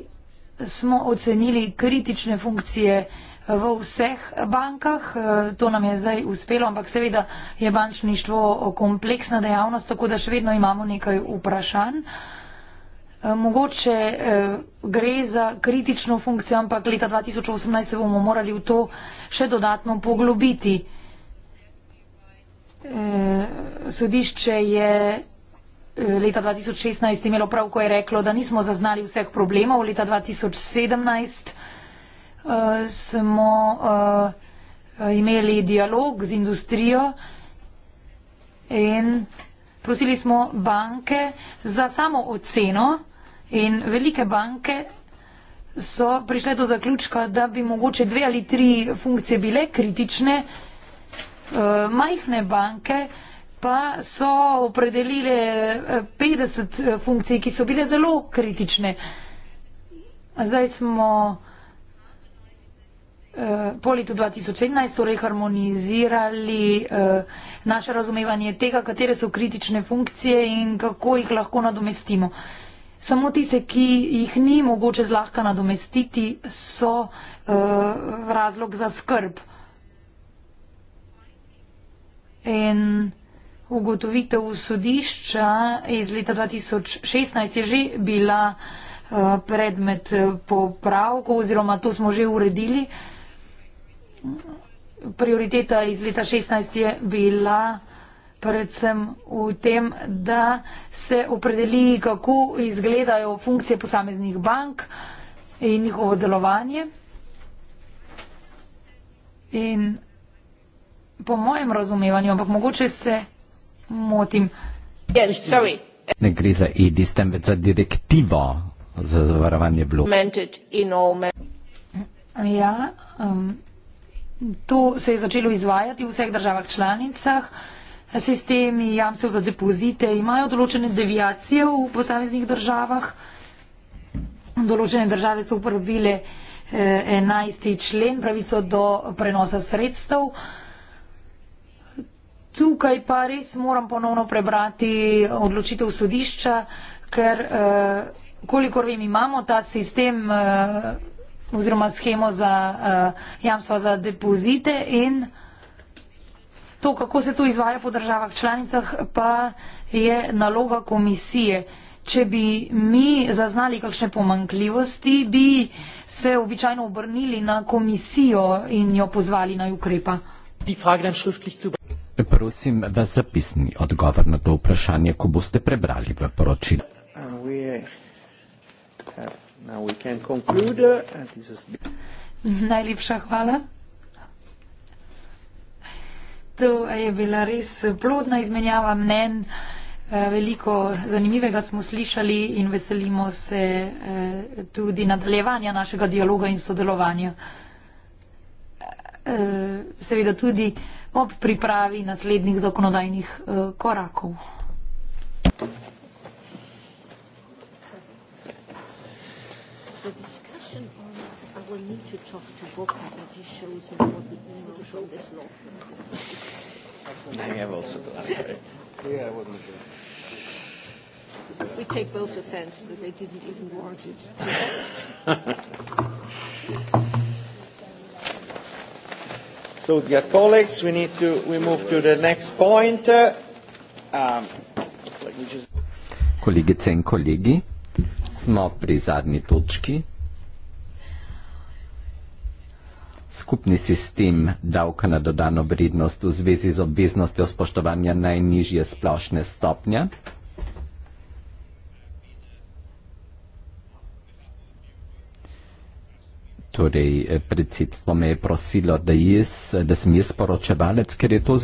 smo ocenili kritične funkcije uh, v vseh bankah. E, to nam je zdaj uspelo, ampak seveda je bančništvo kompleksna dejavnost, tako da še vedno imamo nekaj vprašanj. E, mogoče e, gre za kritično funkcijo, ampak leta 2018 se bomo morali v to še dodatno poglobiti. Sodišče je leta 2016 imelo prav, ko je reklo, da nismo zaznali vseh problemov. Leta 2017 Eh, smo uh, imeli dialog z industrijo in prosili smo banke za samo oceno in velike banke so prišle do zaključka, da bi mogoče dve ali tri funkcije bile kritične, uh, majhne banke pa so opredelile 50 funkcij, ki so bile zelo kritične. Zdaj smo Eh, po letu 2011 torej harmonizirali eh, naše razumevanje tega, katere so kritične funkcije in kako jih lahko nadomestimo. Samo tiste, ki jih ni mogoče zlahka nadomestiti, so eh, razlog za skrb. In ugotovitev sodišča iz leta 2016 je že bila predmet popravkov oziroma to smo že uredili prioriteta iz leta 16 je bila predvsem v tem, da se opredeli, kako izgledajo funkcije posameznih bank in njihovo delovanje. In po mojem razumevanju, ampak mogoče se motim. Yes, ne gre za EDIS, temveč za direktivo za zavarovanje blokov. Ja, um, To se je začelo izvajati v vseh državah članicah. Sistemi jamstev za depozite imajo določene devijacije v posameznih državah. Določene države so uporabile 11. Eh, člen pravico do prenosa sredstev. Tukaj pa res moram ponovno prebrati odločitev sodišča, ker eh, kolikor vem, imamo ta sistem eh, oziroma schemo za uh, eh, jamstva za depozite in to, kako se to izvaja po državah članicah, pa je naloga komisije. Če bi mi zaznali kakšne pomankljivosti, bi se običajno obrnili na komisijo in jo pozvali na ukrepa. Prosim vas zapisni odgovor na to vprašanje, ko boste prebrali v poročilu. Uh, Uh, Najlepša hvala. To je bila res plodna izmenjava mnen. Eh, veliko zanimivega smo slišali in veselimo se eh, tudi nadaljevanja našega dialoga in sodelovanja. Eh, seveda tudi ob pripravi naslednjih zakonodajnih korakov. Now you have also done that, right? Yeah, I wasn't sure. We take both offense that they didn't even warrant it. so, dear colleagues, we need to we move to the next point. Um, let me just... Kolegice in kolegi, smo pri zadnji točki skupni sistem davka na dodano vrednost v zvezi z obveznostjo spoštovanja najnižje splošne stopnje? Torej, eh, predsedstvo me je prosilo, da, jaz, da sem jaz poročevalec, ker je to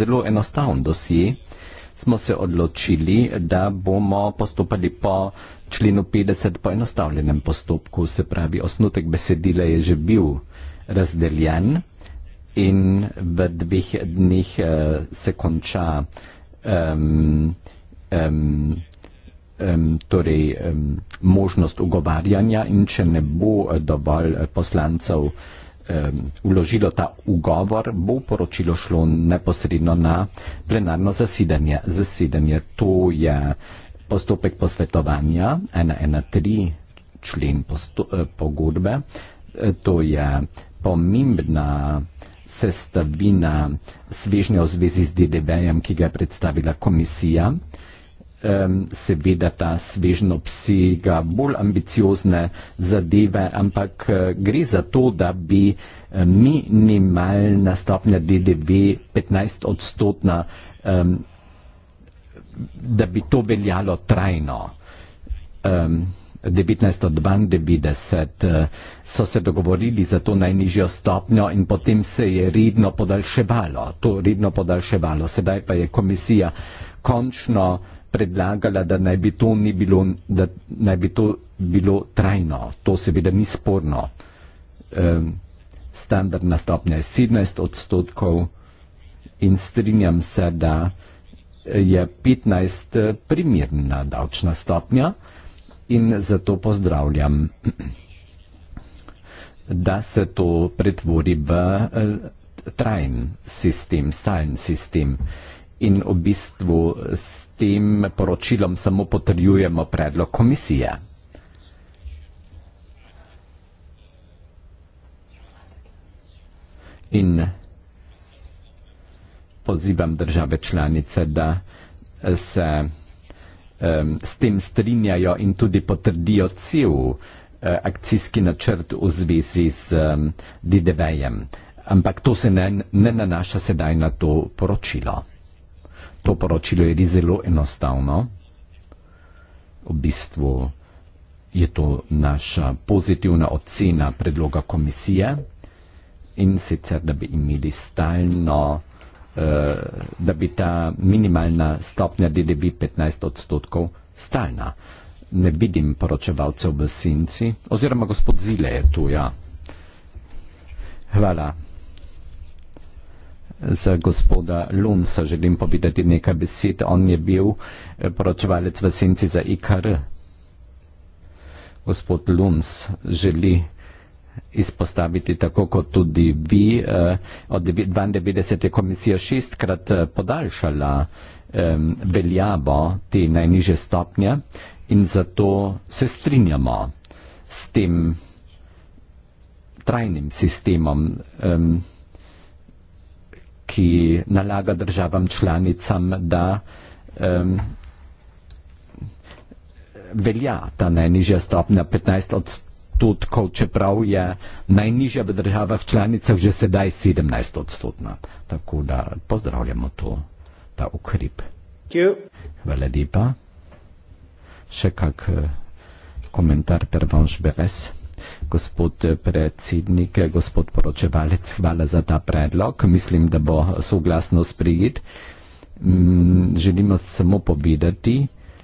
zelo enostaven dosje. Smo se odločili, da bomo postopali po členu 50 poenostavljenem postopku, se pravi, osnutek besedila je že bil razdeljen in v dveh dneh uh, se konča um, um, um, torej, um, možnost ugovarjanja in če ne bo eh, dovolj eh, poslancev um, vložilo ta ugovor, bo poročilo šlo neposredno na plenarno zasedanje. Zasedanje to je postopek posvetovanja 113 člen posto, uh, pogodbe. To je pomembna sestavina svežnja v zvezi z DDV-jem, ki ga je predstavila komisija. Seveda ta svežno psiga bolj ambiciozne zadeve, ampak eh, gre za to, da bi eh, minimalna stopnja DDV 15 odstotna, da bi to veljalo trajno. 1999, eh, so se dogovorili za to najnižjo stopnjo in potem se je redno podaljševalo. To redno podaljševalo. Sedaj pa je komisija končno predlagala, da naj bi to, ni bilo, da naj bi to bilo trajno. To seveda ni sporno. Ehm, standardna stopnja je 17 odstotkov in strinjam se, da je 15 eh, primirna davčna stopnja in zato pozdravljam, da se to pretvori v eh, trajen sistem, stalen sistem. In v bistvu s tem poročilom samo potrjujemo predlog komisije. In pozivam države članice, da se um, s tem strinjajo in tudi potrdijo cel uh, akcijski načrt v zvezi z um, DDV-jem. Ampak to se ne, ne nanaša sedaj na to poročilo. To poročilo je zelo enostavno. V bistvu je to naša pozitivna ocena predloga komisije in sicer, da bi imeli stalno Eh, da bi ta minimalna stopnja DDB 15 odstotkov stalna. Ne vidim poročevalcev v Sinci, oziroma gospod Zile je tu, ja. Hvala. Za gospoda Lunsa želim povedati nekaj besed. On je bil eh, poročevalec v Sinci za IKR. Gospod Luns želi izpostaviti tako kot tudi vi, eh, od 92. je komisija šestkrat eh, podaljšala veljavo te najniže stopnje in zato se strinjamo s tem trajnim sistemom, ki nalaga državam članicam, da velja ta najnižja stopnja 15 odstotkov tudi, ko čeprav je najnižja v državah članicah že sedaj 17 odstotna. Tako da pozdravljamo to, ta ukrip. Hvala lepa. Še kak eh, komentar per vanš beres. Gospod eh, predsednik, eh, gospod poročevalec, hvala za ta predlog. Mislim, da bo soglasno sprijet. Mm, želimo samo povedati,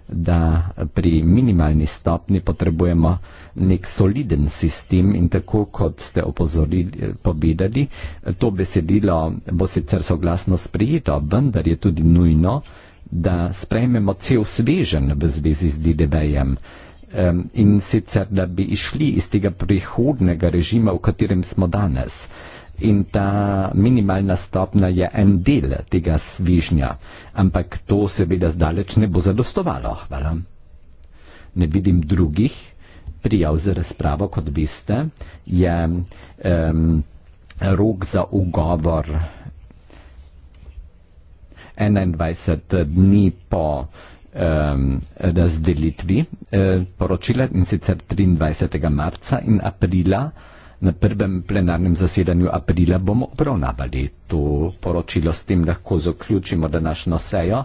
da pri minimalni stopni potrebujemo nek soliden sistem in tako, kot ste opozorili, povedali, to besedilo bo sicer soglasno sprejeto, vendar je tudi nujno, da sprejmemo cel svežen v zvezi z DDV-jem. In sicer, da bi išli iz tega prihodnega režima, v katerem smo danes in ta minimalna stopna je en del tega svižnja, ampak to seveda zdaleč ne bo zadostovalo. Hvala. Ne vidim drugih prijav za razpravo, kot veste, je um, rok za ugovor 21 dni po razdelitvi um, poročila in sicer 23. marca in aprila Na prvem plenarnem zasedanju aprila bomo obravnavali to poročilo, s tem lahko zaključimo današnjo sejo.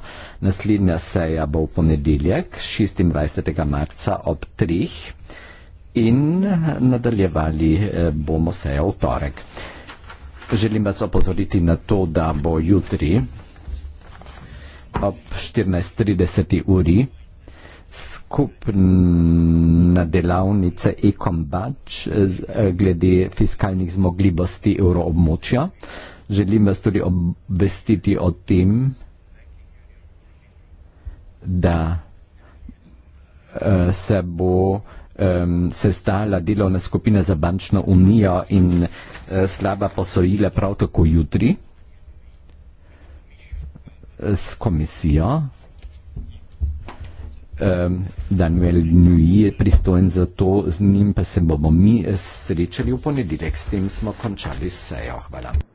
Naslednja seja bo v ponedeljek, 26. marca ob 3. in nadaljevali eh, bomo sejo v torek. Želim vas opozoriti na to, da bo jutri ob 14.30 uri skupna delavnica Ekombač eh, eh, glede fiskalnih zmogljivosti evroobmočja. Želim vas tudi obvestiti o tem, da eh, se bo um, sestala delovna skupina za bančno unijo in uh, slaba posojila prav tako jutri s komisijo um, Daniel Nui je pristojen za to, z njim pa se bomo mi srečali v ponedeljek. S tem smo končali sejo. Hvala.